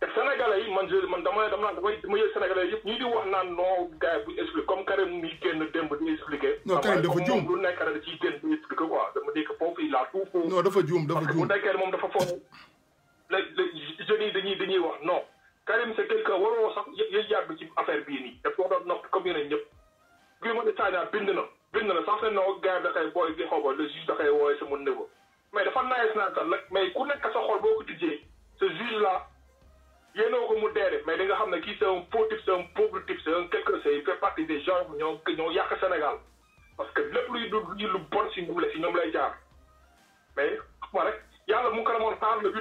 te Sénégalais yi man je man dama dama damay dama yëg Sénégalais yëpp ñii di wax naan non gars yi bu ñu expliqué comme Karim mi génn démb di expliqué. non Karim dafa juum lu nekk rek da ciy génn di expliqué quoi dama dégg dafa juum dafa juum moom dafa foofu. léegi léegi jeunes yi dañuy dañuy wax no Karim c'est quelqu'un waroo sax yéen yàgg ci affaire bii nii daf ko doon nox comme yeneen ñëpp Guy Marius Sagna bind na bind na sax ne noo gars da koy booy di xaw ma le juge da koy wooye sama niveau mais dafa naaj naa sax nag mais ku nekk sa xol boo ko tijjee ce juge là yéenoo ko mu deere mais di nga xam ne kii c'est un faux type c'est un pauvre type c'est un quelque chose il fait partie des gens ñoo ñoo yàq Sénégal parce que lépp luy du lu bon si nguur la si ñoom lay jaar mais xam nga rek yàlla mu ko ramoon par le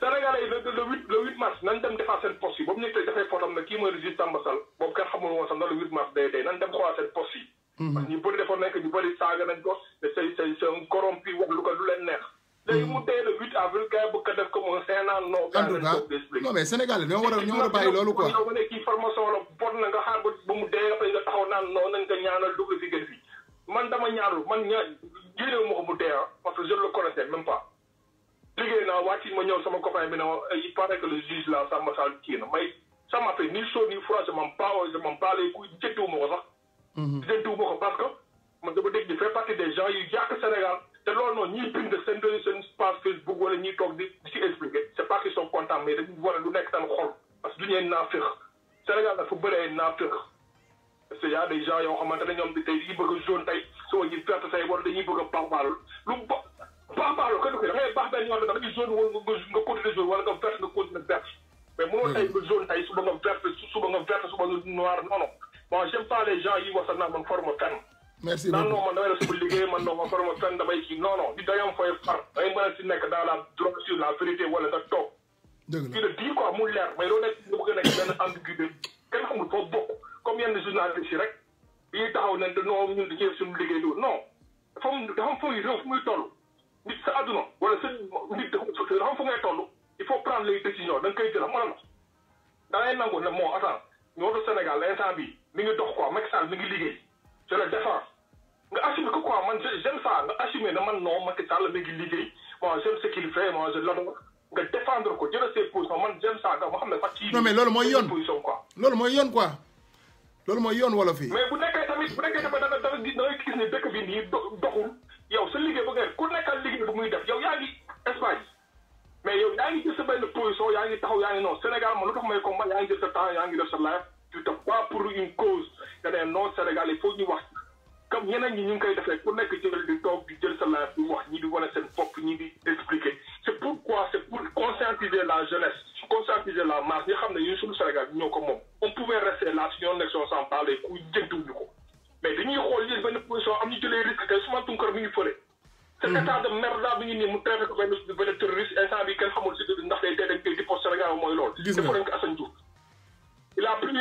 Sénégalais yi le le le huit mars nañ dem defaat seen poste yi boobu ñu tey dafay fotam ne kii mooy Régis Tamba Sall boobu kenn xamul woon le huit mars day day nañ dem xoolaat seen poste yi. Mhm. parce que nekk ñu bëri saaga nañ ko te say say c'est un corrompu wax lu ko lu leen neex. Mhm. léegi mu tey le huit avril kay bëgg ko def ko moom cinq ans non. en tout cas non mais Sénégalais ñoo war a a bàyyi loolu quoi. yow nga ne na nga ba mu dee nga fay naan non nañ ko ñaanal dugg fi gën man dama ñaanul man ña jëlee ma liggéey naa wàcc ma ñëw sama copain bi ne ma eh, il paraît que le juge na may ça m'a fait ni chaud ni froid je m'en parle je m'en parle ku jëntuwu ma ko sax. Mhm. jëntuwu ma ko parce que man dama dégg di fait partie des gens yu yàq Sénégal te loolu noonu ñuy bind seen seen page Facebook wala ñuy toog di di ci expliquer c'est pas qu'ils sont contents mais war lu nekk seen xol parce que du ñeen naaféq Sénégal dafa na naaféq parce que y a des gens yoo xamante ne ñoom tey dañuy bëgg a jaune tey soo ñu perte say war dañuy Pambalo kenn ku ne dafay baax benn yoon da ngay zone wala nga continuer zone wala nga verte nga continuer verte. mais mënoo tey ba zone tey suba nga verte suba nga verte nga noir non non. bon j'aime pas les gens yi wax sax naa man forme fenn. merci beaucoup non non man damay def sama liggéey man non ma forme fenn di dañoo fooy far. da ngay mën a si nekk dans la drogue sur la vérité wala nga toog. dëgg di quoi mu leer mais doo nekk ne dañoo ñun dañuy def suñu liggéey du non dafa am dafa am fooy réew fu muy toll nit sa àdduna wala sa nit dafa am fu ngay toll da koy jël xam da ngay nangu ne moo attends ñoo do Sénégal bi mi ngi dox quoi Macky Sall mi ngi liggéey je le défends nga assumer que quoi man j'aime ça nga assumer ne man non Macky Sall mi ngi liggéey moi j'aime ce qu'il fait moi je l'adore nga défendre ko jëlee ses positions man j'aime ça nga xam ne fa ci non mais loolu mooy yoon position quoi wala fii mais bu nekkee tamit bu nekkee tamit da nga da nga gis da nga gis ne dëkk yow sa liggéey ba nga ku nekkal liggéey bu muy def yow yaa ngi Espagne mais yow yaa ngi jël benn position yaa ngi taxaw yaa ngi non Sénégal man lu tax may combat yaa ngi jël sa temps yaa ngi def sa live tu te bats pour une cause nga ne non Sénégal il faut ñu wax comme ñeneen ñi ñu ngi koy defee ku nekk jël di toog di jël sa live di wax ñi di wane seen bopp ñi di expliquer c'est pourquoi c'est pour conscientiser la jeunesse conscientiser la masse ñu xam ne ñun suñu Sénégal ñoo ko moom on pouvait rester là si ñoo nekk soo sans parler ko mais dañuy xool yéen benn position am ñu jëlee risque te Ousmane Tounkara mi ngi fële. Hmm. si ndax day dee Sénégal mooy loolu. gis nga ko Assane Diouf il a pris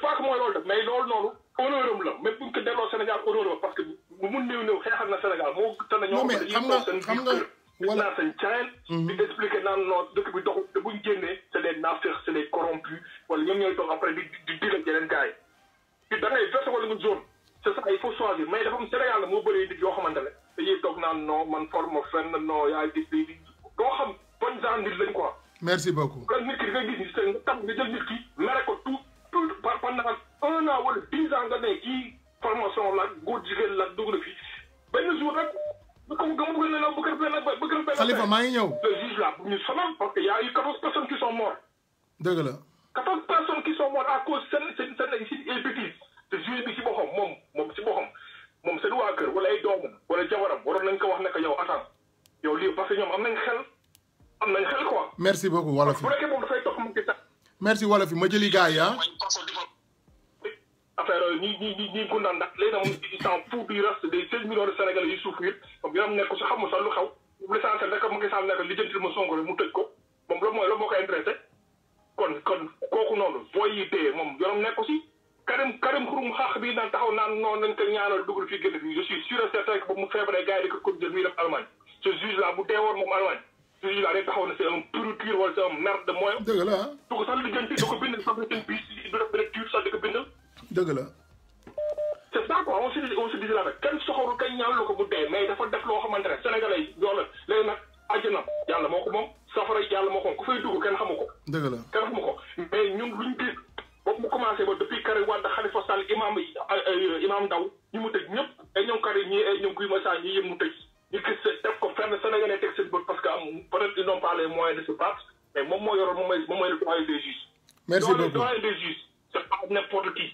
pas que mooy loolu def mais loolu noonu honneur am la mais buñ ko delloo Sénégal honneur am parce que mun néew néew xeexal na Sénégal moo tane ñoo xam ne seen xam nga voilà naa seen caen di hmm. expliqué naan non dëkk bi doxul te buñ génnee c' est les naafeq c' après di di digal yeneen gars yi c'est ça il faut choisir mais dafa am Sénégal la moo bëree nit yoo xamante ne dañuy toog naan non man forme fenn non yaa ngi gis lii doo bon genre nit lañ quoi. merci beaucoup. kon nit ki di nga gis ni seen tam nga ki mere ko tout tout par pendant un an wala dix ans nga ne kii formation la góor jigéen la dugg na fi benn jour rek bu ko gëm bëgg na la bëgg na bëgg na. Khalifa maa ngi ñëw. le juge là ñu sonal parce que y a eu quatorze personnes qui sont mortes. dëgg la. merci beaucoup wolof yi merci wolof yi ma jëli gars yi ah. affaire yooyu euh, ñuy ñuy ñuy ñuy gundaan ndax léegi nag moom il s'en fout du reste des 16 millions de Sénégalais yuy souffrir donc yow am nekk su et moom moo yoroon moom mooy moom mooy le doyen des juges. merci beaucoup le doyen des juges c' est pas n' importe qui.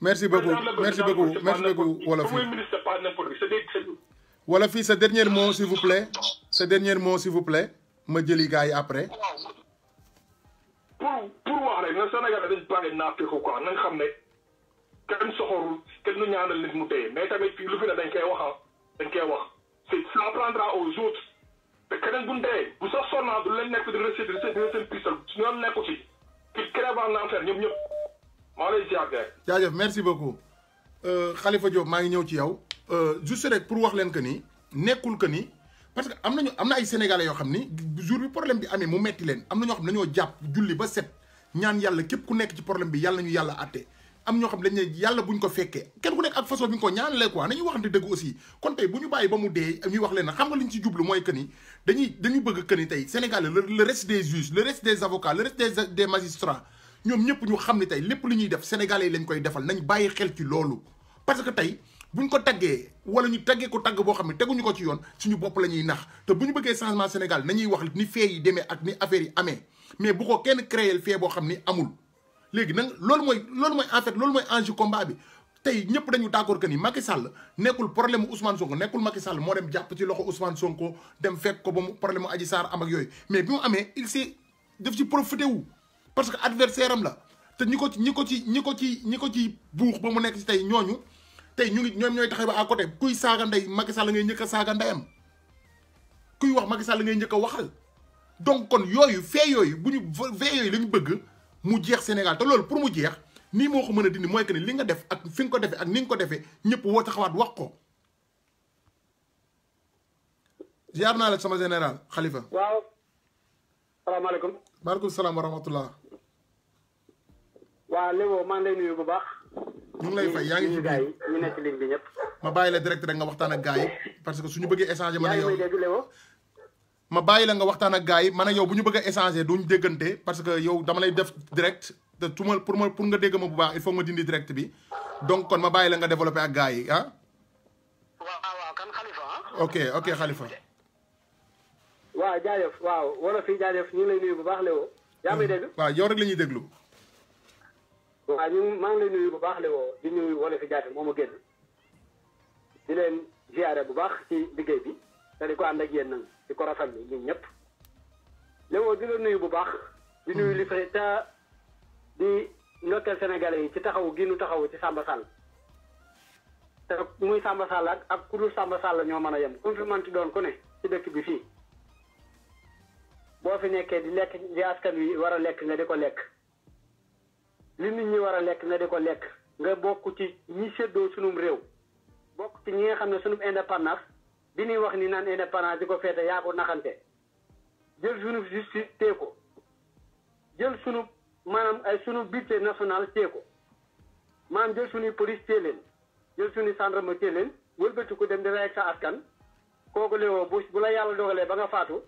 merci beaucoup merci beaucoup merci beaucoup fii ministre c' est pas n' importe qui c' est des wala fii sa dernier mot s'il vous plaît sa dernier mot s'il vous plaît ma jëli gars après. pour pour wax rek na Sénégal dañ pare naafeeku quoi na nga xam ne kenn soxorul kenn du ñaanal nit mu dee mais tamit fii lu fi ne dañ koy wax ah. dañ koy wax c' est prendra aux autres. te keneen bu ñu dee bu sax sonnaa du leen nekk di recette recette recette pistol su ñoom nekku ci kii crève en enfer ñoom ñëpp maa lay ziar gars jaajëf merci beaucoup euh, Khalifa Diop maa ngi ñëw ci yow euh, juste rek pour wax leen que ni nekkul que ni parce que am nañu am na ay sénégalais yoo xam ni jour bi problème bi amee mu metti leen am na ñoo xam ne dañoo jàpp julli ba set ñaan yàlla képp ku nekk ci problème bi yàlla ñu yàlla àtte am ñoo xam ne dañ ne yàlla buñ ko fekkee kenn ku nekk ak façon bi nga ko ñaanalee quoi nañuy waxante ñu bàyyi ba mu dee ñuy wax leen xam nga liñ ci jublu mooy que ni dañuy dañuy bëgg que ni tey Sénégal le reste des juges le reste des avocats le reste des magistrats ñoom ñëpp ñu xam ne tey lépp li ñuy def sénégalais yi lañ koy defal nañ bàyyi xel ci loolu parce que tey buñ ko taggee wala ñu taggee ko tagg boo xam ne teguñu ko ci yoon suñu bopp la ñuy nax te bu ñu bëggee changement Sénégal nañuy wax ni fee yi demee ak ni affaire yi amee bu ko kenn créer fee boo xam ni amul léegi nag loolu mooy loolu mooy en fait loolu mooy enjeu combat bi tey ñëpp dañu d'accord que ni Macky Sall nekkul problème mu Ousmane Sonko nekkul Macky Sall moo dem jàpp ci loxo Ousmane Sonko dem fekk ko ba mu problème mu Adji Sarr am ak yooyu mais bi mu amee il s'est def ci profité wu parce que adversaire am la te ñi ko ci ñi ko ci ñi ko ci ñi ko ci buux ba mu nekk ci tey ñooñu tey ñu ngi ñoom ñooy taxaw ba à côté kuy saaga ndey Macky Sall ngay njëkk a saaga ndeyam kuy wax Macky Sall ngay njëkk a waxal donc kon yooyu fee yooyu bu ñu fee yooyu la ñu bëgg mu jeex Sénégal te loolu pour mu jeex nii moo ko mën a dindi mooy que ni li nga def ak fi nga ko defee ak ni nga ko defe ñëpp woo taxawaat wax ko. jaar naa la sama général Khalifa. waaw. salaamaaleykum. maaleykum salaam wa rahmatullah. waaw Léwo maa ngi lay nuyu bu baax. ñu ngi yaa yi ñu nekk ligne bi ñëpp. ma bàyyi la direct rek nga waxtaan ak gaa yi parce que suñu bëggee échanger. ma ne yow yaa ngi may ma bàyyi la nga waxtaan ak gars yi man a yow bu ñu bëgg a échanger duñ déggante parce que yow dama lay def direct te tu pour ma pour nga dégg ma bu baax il faut ma dindi direct bi donc kon ma bàyyi la nga développé ak gars yi ah. waaw waaw kan Khalifa ah? ok ok Khalifa. waaw jaajëf waaw wala fi jaajëf ñu ngi lay nuyu bu baax Léwo. yaa may dégg. waaw yow rek la ñuy déglu. waaw ñu maa ngi lay nuyu bu baax Léwo di nuyu wala fi jaajëf moom a génn di leen ziare bu baax ci liggéey bi te di ko ànd ak yéen di ko rafetlu ñun ñëpp. Léwo di la nuyu bu baax. di nuyu hmm. li fay te di ndokkeel Sénégalais yi ci taxaw gi nu taxaw ci Samba Sall. te muy Samba Sall ak ak ku dul Samba Sall ñoo mën a yem ku fi ci doon ku ne ci dëkk bi fii. boo fi nekkee di lekk di askan wi war a lekk nga di ko lekk. li nit ñi war a lekk nga di ko lekk. nga bokk ci ñi séddoo sunum réew. bokk ci ñi nga xam ne sunum indépendance. bi ñuy wax ni naan indépendance di ko feete yaa ko naxante jël sunu justice tee ko jël sunu maanaam ay sunu bite national tee ko maanaam jël sunuy police tee leen jël sunuy gendarme tee leen wëlbati ko dem di rey ak sa askan kooku léewoo bu bu la yàlla dogalee ba nga faatu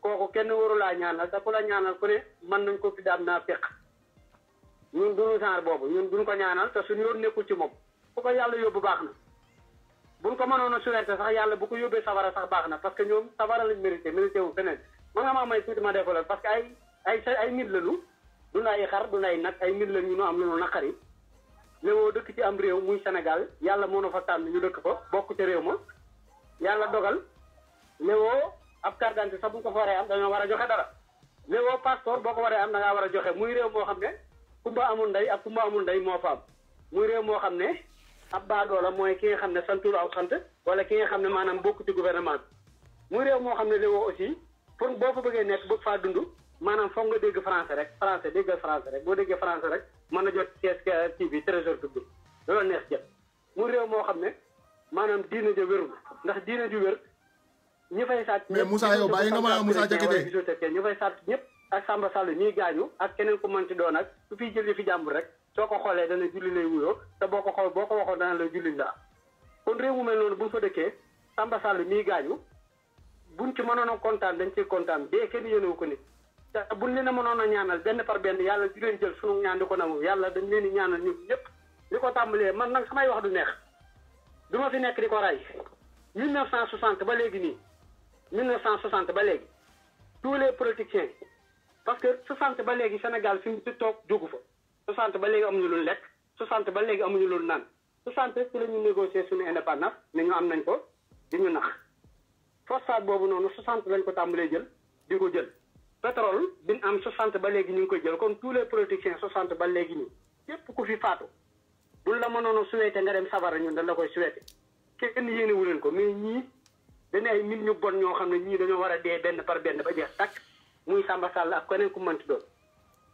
kooku kenn warulaa ñaanal te ku la ñaanal ku ne mën nañ ko fi daam naa fekk ñun duñu genre boobu ñun duñ ko ñaanal te suñu yoon nekkul ci moom fu ko yàlla yóbbu baax na buñ ko mënoon a suwerte sax yàlla bu ko yóbbee safara sax baax na parce que ñoom safara lañ mérité mérité wu feneen man nga maa may tuuti ma développé parce ay ay ay nit lañu duna ay xar duna ay nag ay nit lañu ñu am lu ñu naqari léwoo dëkk ci am réew muy Sénégal yàlla moo na fa tànn ñu dëkk fa bokk ca réew ma yàlla dogal léwoo ab carte d'identité bu ko fa waree am dañoo war a joxe dara léwoo passeport boo ko waree am da war a joxe muy réew moo xam ne kumba amul ndey ak kumba amul ndey moo fa am muy réew moo xam ne ab la mooy ki nga xam ne santul aw sant wala ki nga xam ne maanaam bokk ci gouvernement bi muy réew moo xam ne li woo aussi pour boo fa bëggee nekk bëgg faa dund maanaam foog nga dégg français rek français déggal français rek boo déggee français rek mën a jot CSK TV trésor public loolu neex jël muy réew moo xam ne maanaam diina ja wérul ndax diina ju wér ñi fay sàcc mais Moussa yow bàyyi nga ma Moussa Diakité ñi ñëpp ak Samba Sall ñuy gaañu ak keneen ko mën ci doon ak su fiy jël fi jàmbur rek soo ko xoolee dana julli lay wuyoo te boo ko xool boo ko waxoon dana la julli la kon réew mu mel noonu bu ñu fa dëkkee Samba Sall mii gaañu buñ ci mënoon a kontaan dañ ciy kontaan dee kenn yéenewu ko nit bu buñ leen a mënoon a ñaanal benn par benn yàlla di leen jël sunu ñaan di ko nangu yàlla dañ leen di ñaanal ñun ñëpp li ko tàmbalee man nag samay wax du neex du ma fi nekk di ko ray 1960 ba léegi nii 1960 ba léegi tous les politiciens parce que 60 ba léegi Sénégal fi mu toog jógu fa 60 ba léegi amuñu lu lekk 60 ba léegi amuñu lu naan 60 ci la ñu négocier suñu indépendance ne ñu am nañ ko di ñu nax phosphate boobu noonu 60 lañ ko tàmbalee jël di ko jël. pétrole bi ñu am 60 ba léegi ñu ngi koy jël comme tous les politiciens 60 ba léegi nii képp ku fi faatu buñ la mënoon a souhaité nga dem sabara ñun dañ la koy souhaité kenn yéene wu leen ko mais ñii dañu ay nit ñu bon ñoo xam ne ñii dañoo war a dee benn par benn ba jeex tàkk muy Samba Sall ak keneen ku mënti doon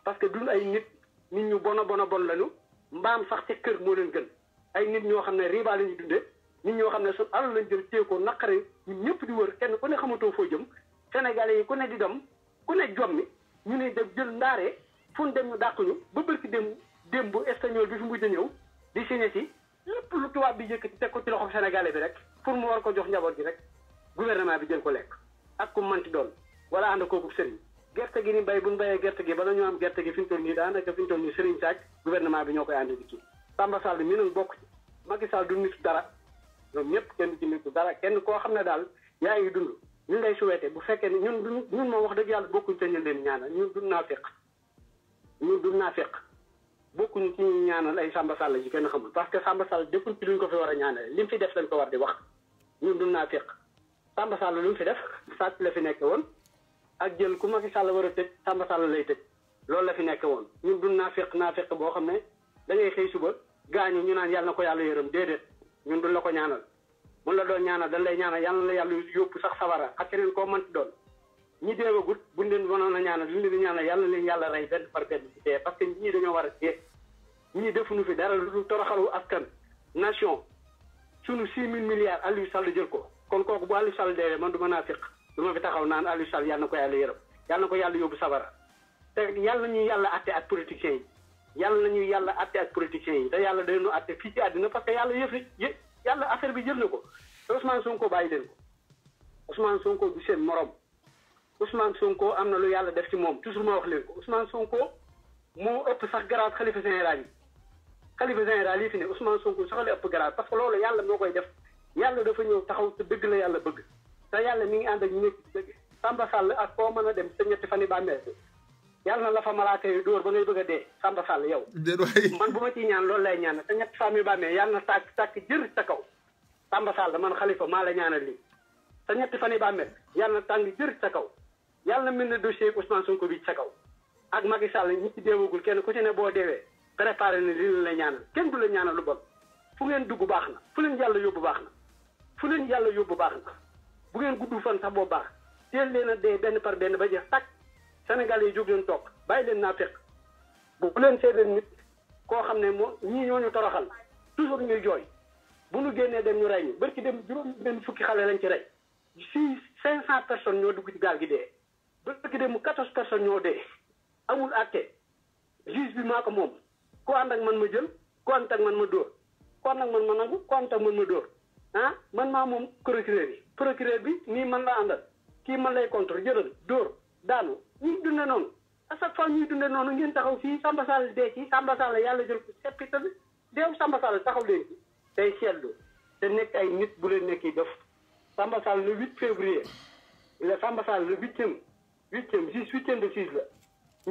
parce nit ñu bon a bon a bon lañu mbaam sax ca kër moo leen gën ay nit ñoo xam ne riba la ñu dundee nit ñoo xam ne sun alal lañ jël téye ko naqare ñun ñëpp di wër kenn ku ne xamatoo foo jëm sénégalais yi ku ne di dem ku ne jommi ñu ne dem jël ndaare fu ñu dem ñu dàq ñu ba bërki dem dem bu espagnol bi fi mujj ñëw di signé ci lépp lu tubaab bi yëkkati teg ko ci loxo sénégalais bi rek pour mu war ko jox njaboot bi rek gouvernement bi jël ko lekk ak ku manti doon wala ànd kooku sëriñ gerte gi ni bay bu ñu béyee gerte gi bala ñu am gerte gi fi ñu toll nii daanaka fi ñu toll nii Serigne Saaj gouvernement bi ñoo koy ànd di kii Samba Sall mi nag bokk ci Macky Sall du dara ñoom ñëpp kenn ci nitu dara kenn koo xam ne daal yaa ngi dund ñun lay souhaité bu fekkee ne ñun duñ ñun moom wax dëgg yàlla bokkuñ te leen ñaanal ñun du naafeq ñun du naafeq bokkuñ ci ñu ñaanal ay Samba Sall yi kenn parce que Samba Sall deful ci luñ fi war a ñaanal li mu def lañ ko war di wax ñun du naafeq Samba Sall lu fi def sàcc la fi nekk woon ak jël ku Macky Sall war a tëj Samba Sall lay tëj loolu la fi nekk woon ñun du naafeq naafeq boo xam ne dangay ngay xëy suba gaañu ñu naan yàlla na ko yàlla yërëm déedéet ñun du la ko ñaanal mun la doon ñaanal dañ lay ñaanal yàlla la yàlla yóbbu sax sawara ak keneen koo mënti doon ñi deewagut buñ leen mënoon a ñaanal liñ leen di ñaanal yàlla leen yàlla rey benn par benn ci dee parce que ñii dañoo war a dee ñii defuñu fi dara lu dul toroxalu askan nation sunu six mille milliards Aliou Sall jël ko kon kooku bu Aliou Sall deewee man du mën naa fiq lu ma fi taxaw naan Aliou Sall yàlla na ko yàlla yërëm yàlla ko yàlla yóbbu sabara te yàlla na ñuy yàlla àtte ak politiciens yi yàlla na ñuy yàlla àtte ak politiciens yi te yàlla day nu àtte fii ci àddina parce que yàlla yëf yë yàlla affaire bi jël na ko te Ousmane Sonko bàyyi leen ko Ousmane Sonko du seen morom Ousmane Sonko am na lu yàlla def ci moom toujours ma wax leen ko Ousmane Sonko moo ëpp sax garaat xalifa général yi xalifa général yi fi ne Ousmane Sonko sax la ëpp garaat parce que yàlla moo koy def yàlla dafa ñëw taxaw te dëgg la yàlla bëgg te yàlla mi ngi ànd ak ñu nekk ci dëgg Samba Sall ak koo mën a dem sa ñetti fan yi bàmmeel yàlla na la fa malaaka yu dóor ba ngay bëgg a dee Samba Sall yow. man bu ma ciy ñaan loolu lay ñaan sa ñetti fan yu bàmmeel yàlla na tàkk tàkk jër sa kaw Samba Sall man Xalifa maa la ñaanal lii sa ñetti fan yi bàmmeel yàlla na tàng jër sa kaw yàlla na mel ne dossier Ousmane Sonko bi sa kaw ak Macky Sall ñi ci deewagul kenn ku ci ne boo deewee préparé na li la ñaanal kenn du la ñaanal lu bon fu ngeen dugg baax na fu leen yàlla yóbbu baax na fu leen yàlla yóbbu baax na bu ngeen gudd fan sax boo baax teel leen a dee benn par benn ba jeex tàkk Sénégal yi jóg leen toog bàyyi leen naa fekk boobu leen seedeen nit koo xam ne moo ñii ñoo ñu toroxal toujours ñuy jooy bu ñu génnee dem ñu rey ñu bari ki dem juróom benn fukki xale lañ ci rey si cinq cent personnes ñoo dugg ci gaal gi dee bari ci dem mu quatorze personnes ñoo dee amul àtte juge bi maa ko moom ku ànd ak man ma jël ku ànd ak man ma dóor ku ànd ak man ma nangu ku ànd ak ma dóor ah man maa moom procureur yi procureur bi nii man la àndal kii man lay contre jëlal dóor daanu ñuy dunde noonu à chaque fois ñuy dundee noonu ngeen taxaw fii Samba Sall dee ci Samba Sall yàlla jël ko seppi tamit deew Samba Sall taxaw leen ci tey seetlu te nekk ay nit bu leen nekk yi def Samba le 8 février le Samba Sall le huitième huitième six huitième de six la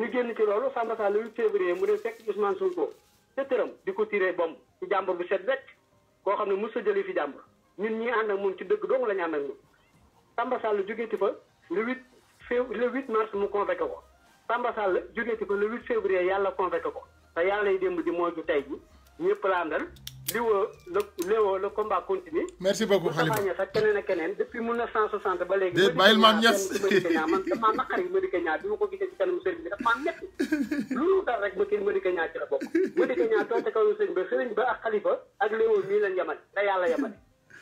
ñu génn ci loolu Samba Sall le 8 février mu dem fekk Ousmane Sonko te tëram di ko tiré bomb ci jàmbur bi set wecc koo xam ne mos a jëlee fi jàmbur ñun ñii ànd ak moom ci dëkk doo la ñu ànd ak moom. Tamba Sall jógeeti fa le huit fév le huit mars mu convoqué ko Tamba Sall jógeeti fa le huit février yàlla convoqué ko te yàlla yi démb di moo ju tey ji ñëpp la àndal li woo le léwo le combat continue merci beaucoup Khalifa Moustapha Niass ak keneen ak keneen depuis 1960 ba léegi. déet bàyyil maam Niass Madické Niang man sama naqar yi Madické bi ma ko gisee ci kanamu sëriñ bi dafa maa métti lu mu dal rek Madické Madické Niang ci la bokk Madické ba sëriñ ba ak Khalifa ak léwo lañ yemale te yàlla yemale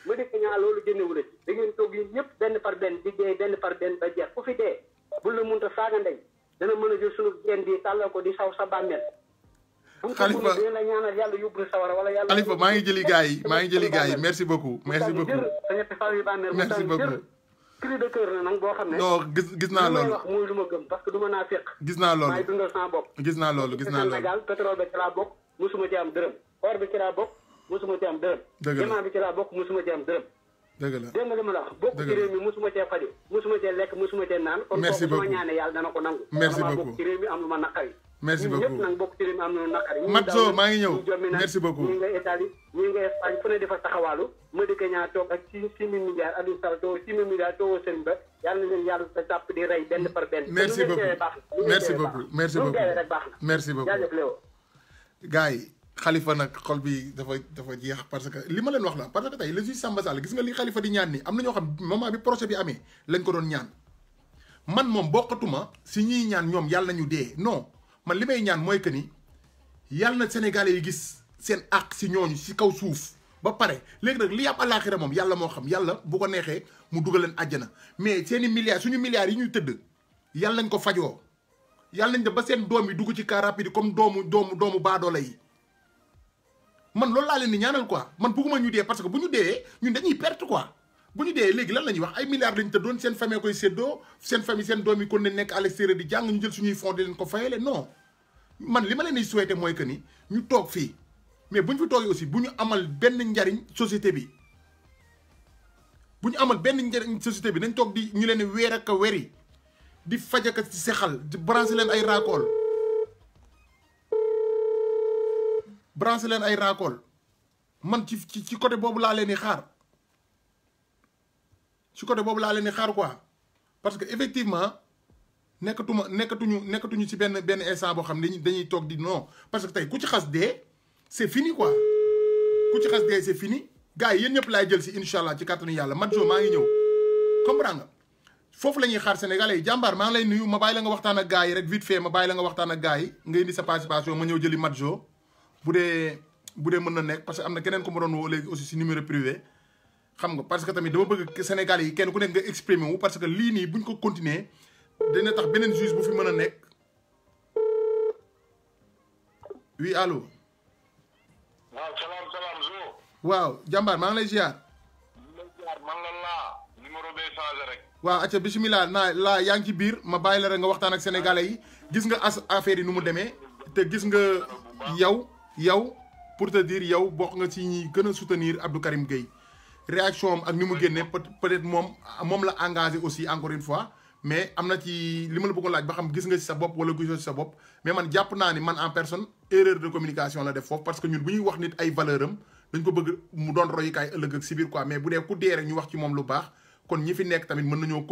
mu nekk ñaa loolu génnewu la ci da ngeen toog yi ñëpp benn par benn di dee benn par benn ba jeex ku fi dee bu la munta saaga ndey dana mën a jël sunu genn bi tàllal ko di saw sa bàmmeel xalifa yàlla yóbbu maa ngi jëli gars yi maa ngi jëli gars yi merci beaucoup merci beaucoup la nag boo xam ne non gis naa loolu wax muy lu ma que du ma naa féq gis naa loolu gis naa loolu gis naa ba ci laa bokk musuma ci am dërëm. dëgg la jamaa bi ci laa bokk musuma ci am dërëm. dëgg la dégg nga ma la wax. dëgg la bokk ci réew mi musuma cee faju musuma cee lekk musuma cee naan. merci beaucoup kon kooku yàlla dana ko nangu. merci beaucoup bokk ci am lu ma naqari. merci beaucoup ma naqari. maa ngi ñëw merci beaucoup ñii nga Italie ñii nga Espagne fu ne dafa taxawaalu. ma dëkk ñaa toog ak six ba yàlla na leen yàlla sa di rey benn par benn. merci beaucoup merci beaucoup merci beaucoup merci beaucoup gars yi xalifa nag xol bi dafa dafa jeex parce que li ma leen wax la parce que tey le juge Samba Sall gis nga li xalifa di ñaan ni am na ñoo xam moment bi projet bi amee lañ ko doon ñaan man moom bokkatuma si ñuy ñaan ñoom yàlla nañu dee non man li may ñaan mooy que ni yal na sénégalais yi gis seen àq si ñooñu si kaw suuf ba pare léegi nag li am àllaaxira moom yàlla moo xam yàlla bu ko neexee mu dugal leen àjjana mais seeni milliards suñu milliards yi ñuy tëdd yàlla nañ ko fajoo yàlla nañ def ba seen doom yi dugg ci car comme doomu doomu doomu yi man loolu laa leen di ñaanal quoi man bëgguma ñu dee parce que bu ñu dee ñu dañuy perte quoi bu ñu dee léegi lan la ñuy wax ay milliards lañ te doon seen famille koy séddoo seen famille seen doom yi kon ne nekk à l'extérieur di jàng ñu jël suñuy fonds di leen ko fayale non man li ma leen di souhaité mooy que ni ñu toog fii mais bu ñu fi toogee aussi bu ñu amal benn njariñ société bi bu ñu amal benn njariñ société bi dañ toog di ñu leen weer ak a weri di faj sexal di leen ay raakool branché leen ay raakool man ci ci ci côté boobu laa leen di xaar ci côté boobu laa leen di xaar quoi parce que effectivement nekkatuma nekkatuñu nekkatuñu ci benn benn instant boo xam ne dañuy toog di non parce que tey ku ci xas dee c'est fini quoi ku ci xas dee c'est fini gars yi yéen ñëpp laay jël si incha ci kàttanu yàlla man jo maa ngi ñëw comprendre nga foofu la ñuy xaar sénégalais yi jàmbaar maa ngi lay nuyu ma bàyyi la nga waxtaan ak gars rek vite fait bu dee bu dee mën na nekk parce que am na keneen ku ma doon woo léegi aussi si numéro privé xam nga parce que tamit dama bëgg Sénégal yi kenn ku nekk nga exprimer wu parce que lii nii buñ ko continuer dina tax beneen juge bu fi mën a nekk oui allo. waaw salaam salaam Zou. waaw jàmbaar maa ngi lay ziar. laa waaw acca bisimilah laa yaa ngi ci biir ma bàyyi la rek nga waxtaan ak sénégalais yi gis nga as affaire yi nu mu demee te gis nga yow. yow pour te dire yow bokk nga ci ñi gën a soutenir Abdou Karim Gueye réaction am ak ñu mu génne peut-être moom moom la engagé aussi encore une fois mais am na ci li ma la bëggoon laaj ba xam gis nga ci sa bopp wala gisoo ci sa bopp mais man jàpp naa ni man en personne erreur de communication la def foofu parce que ñun bu ñuy wax nit ay valeur dañ ko bëgg mu doon royukaay ëllëg ak si biir quoi mais bu dee ku dee rek ñu wax ci moom lu baax kon ñi fi nekk tamit mën nañoo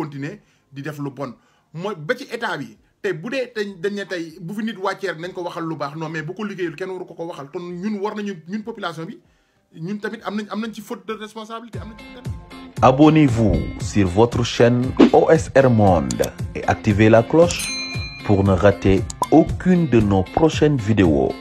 di def lu bon mooy ba état bi te bu dee te dañ ne tey bu fi nit wàcceer nañ ko waxal lu baax non mais bu ko liggéeyul kenn waru ko ko waxal ton ñun war nañu ñun population bi ñun tamit am nañ am nañ ci faute de responsabilité am nañ ci Abonnez-vous sur votre chaîne OSR Monde et activez la cloche pour ne rater aucune de nos prochaines vidéos.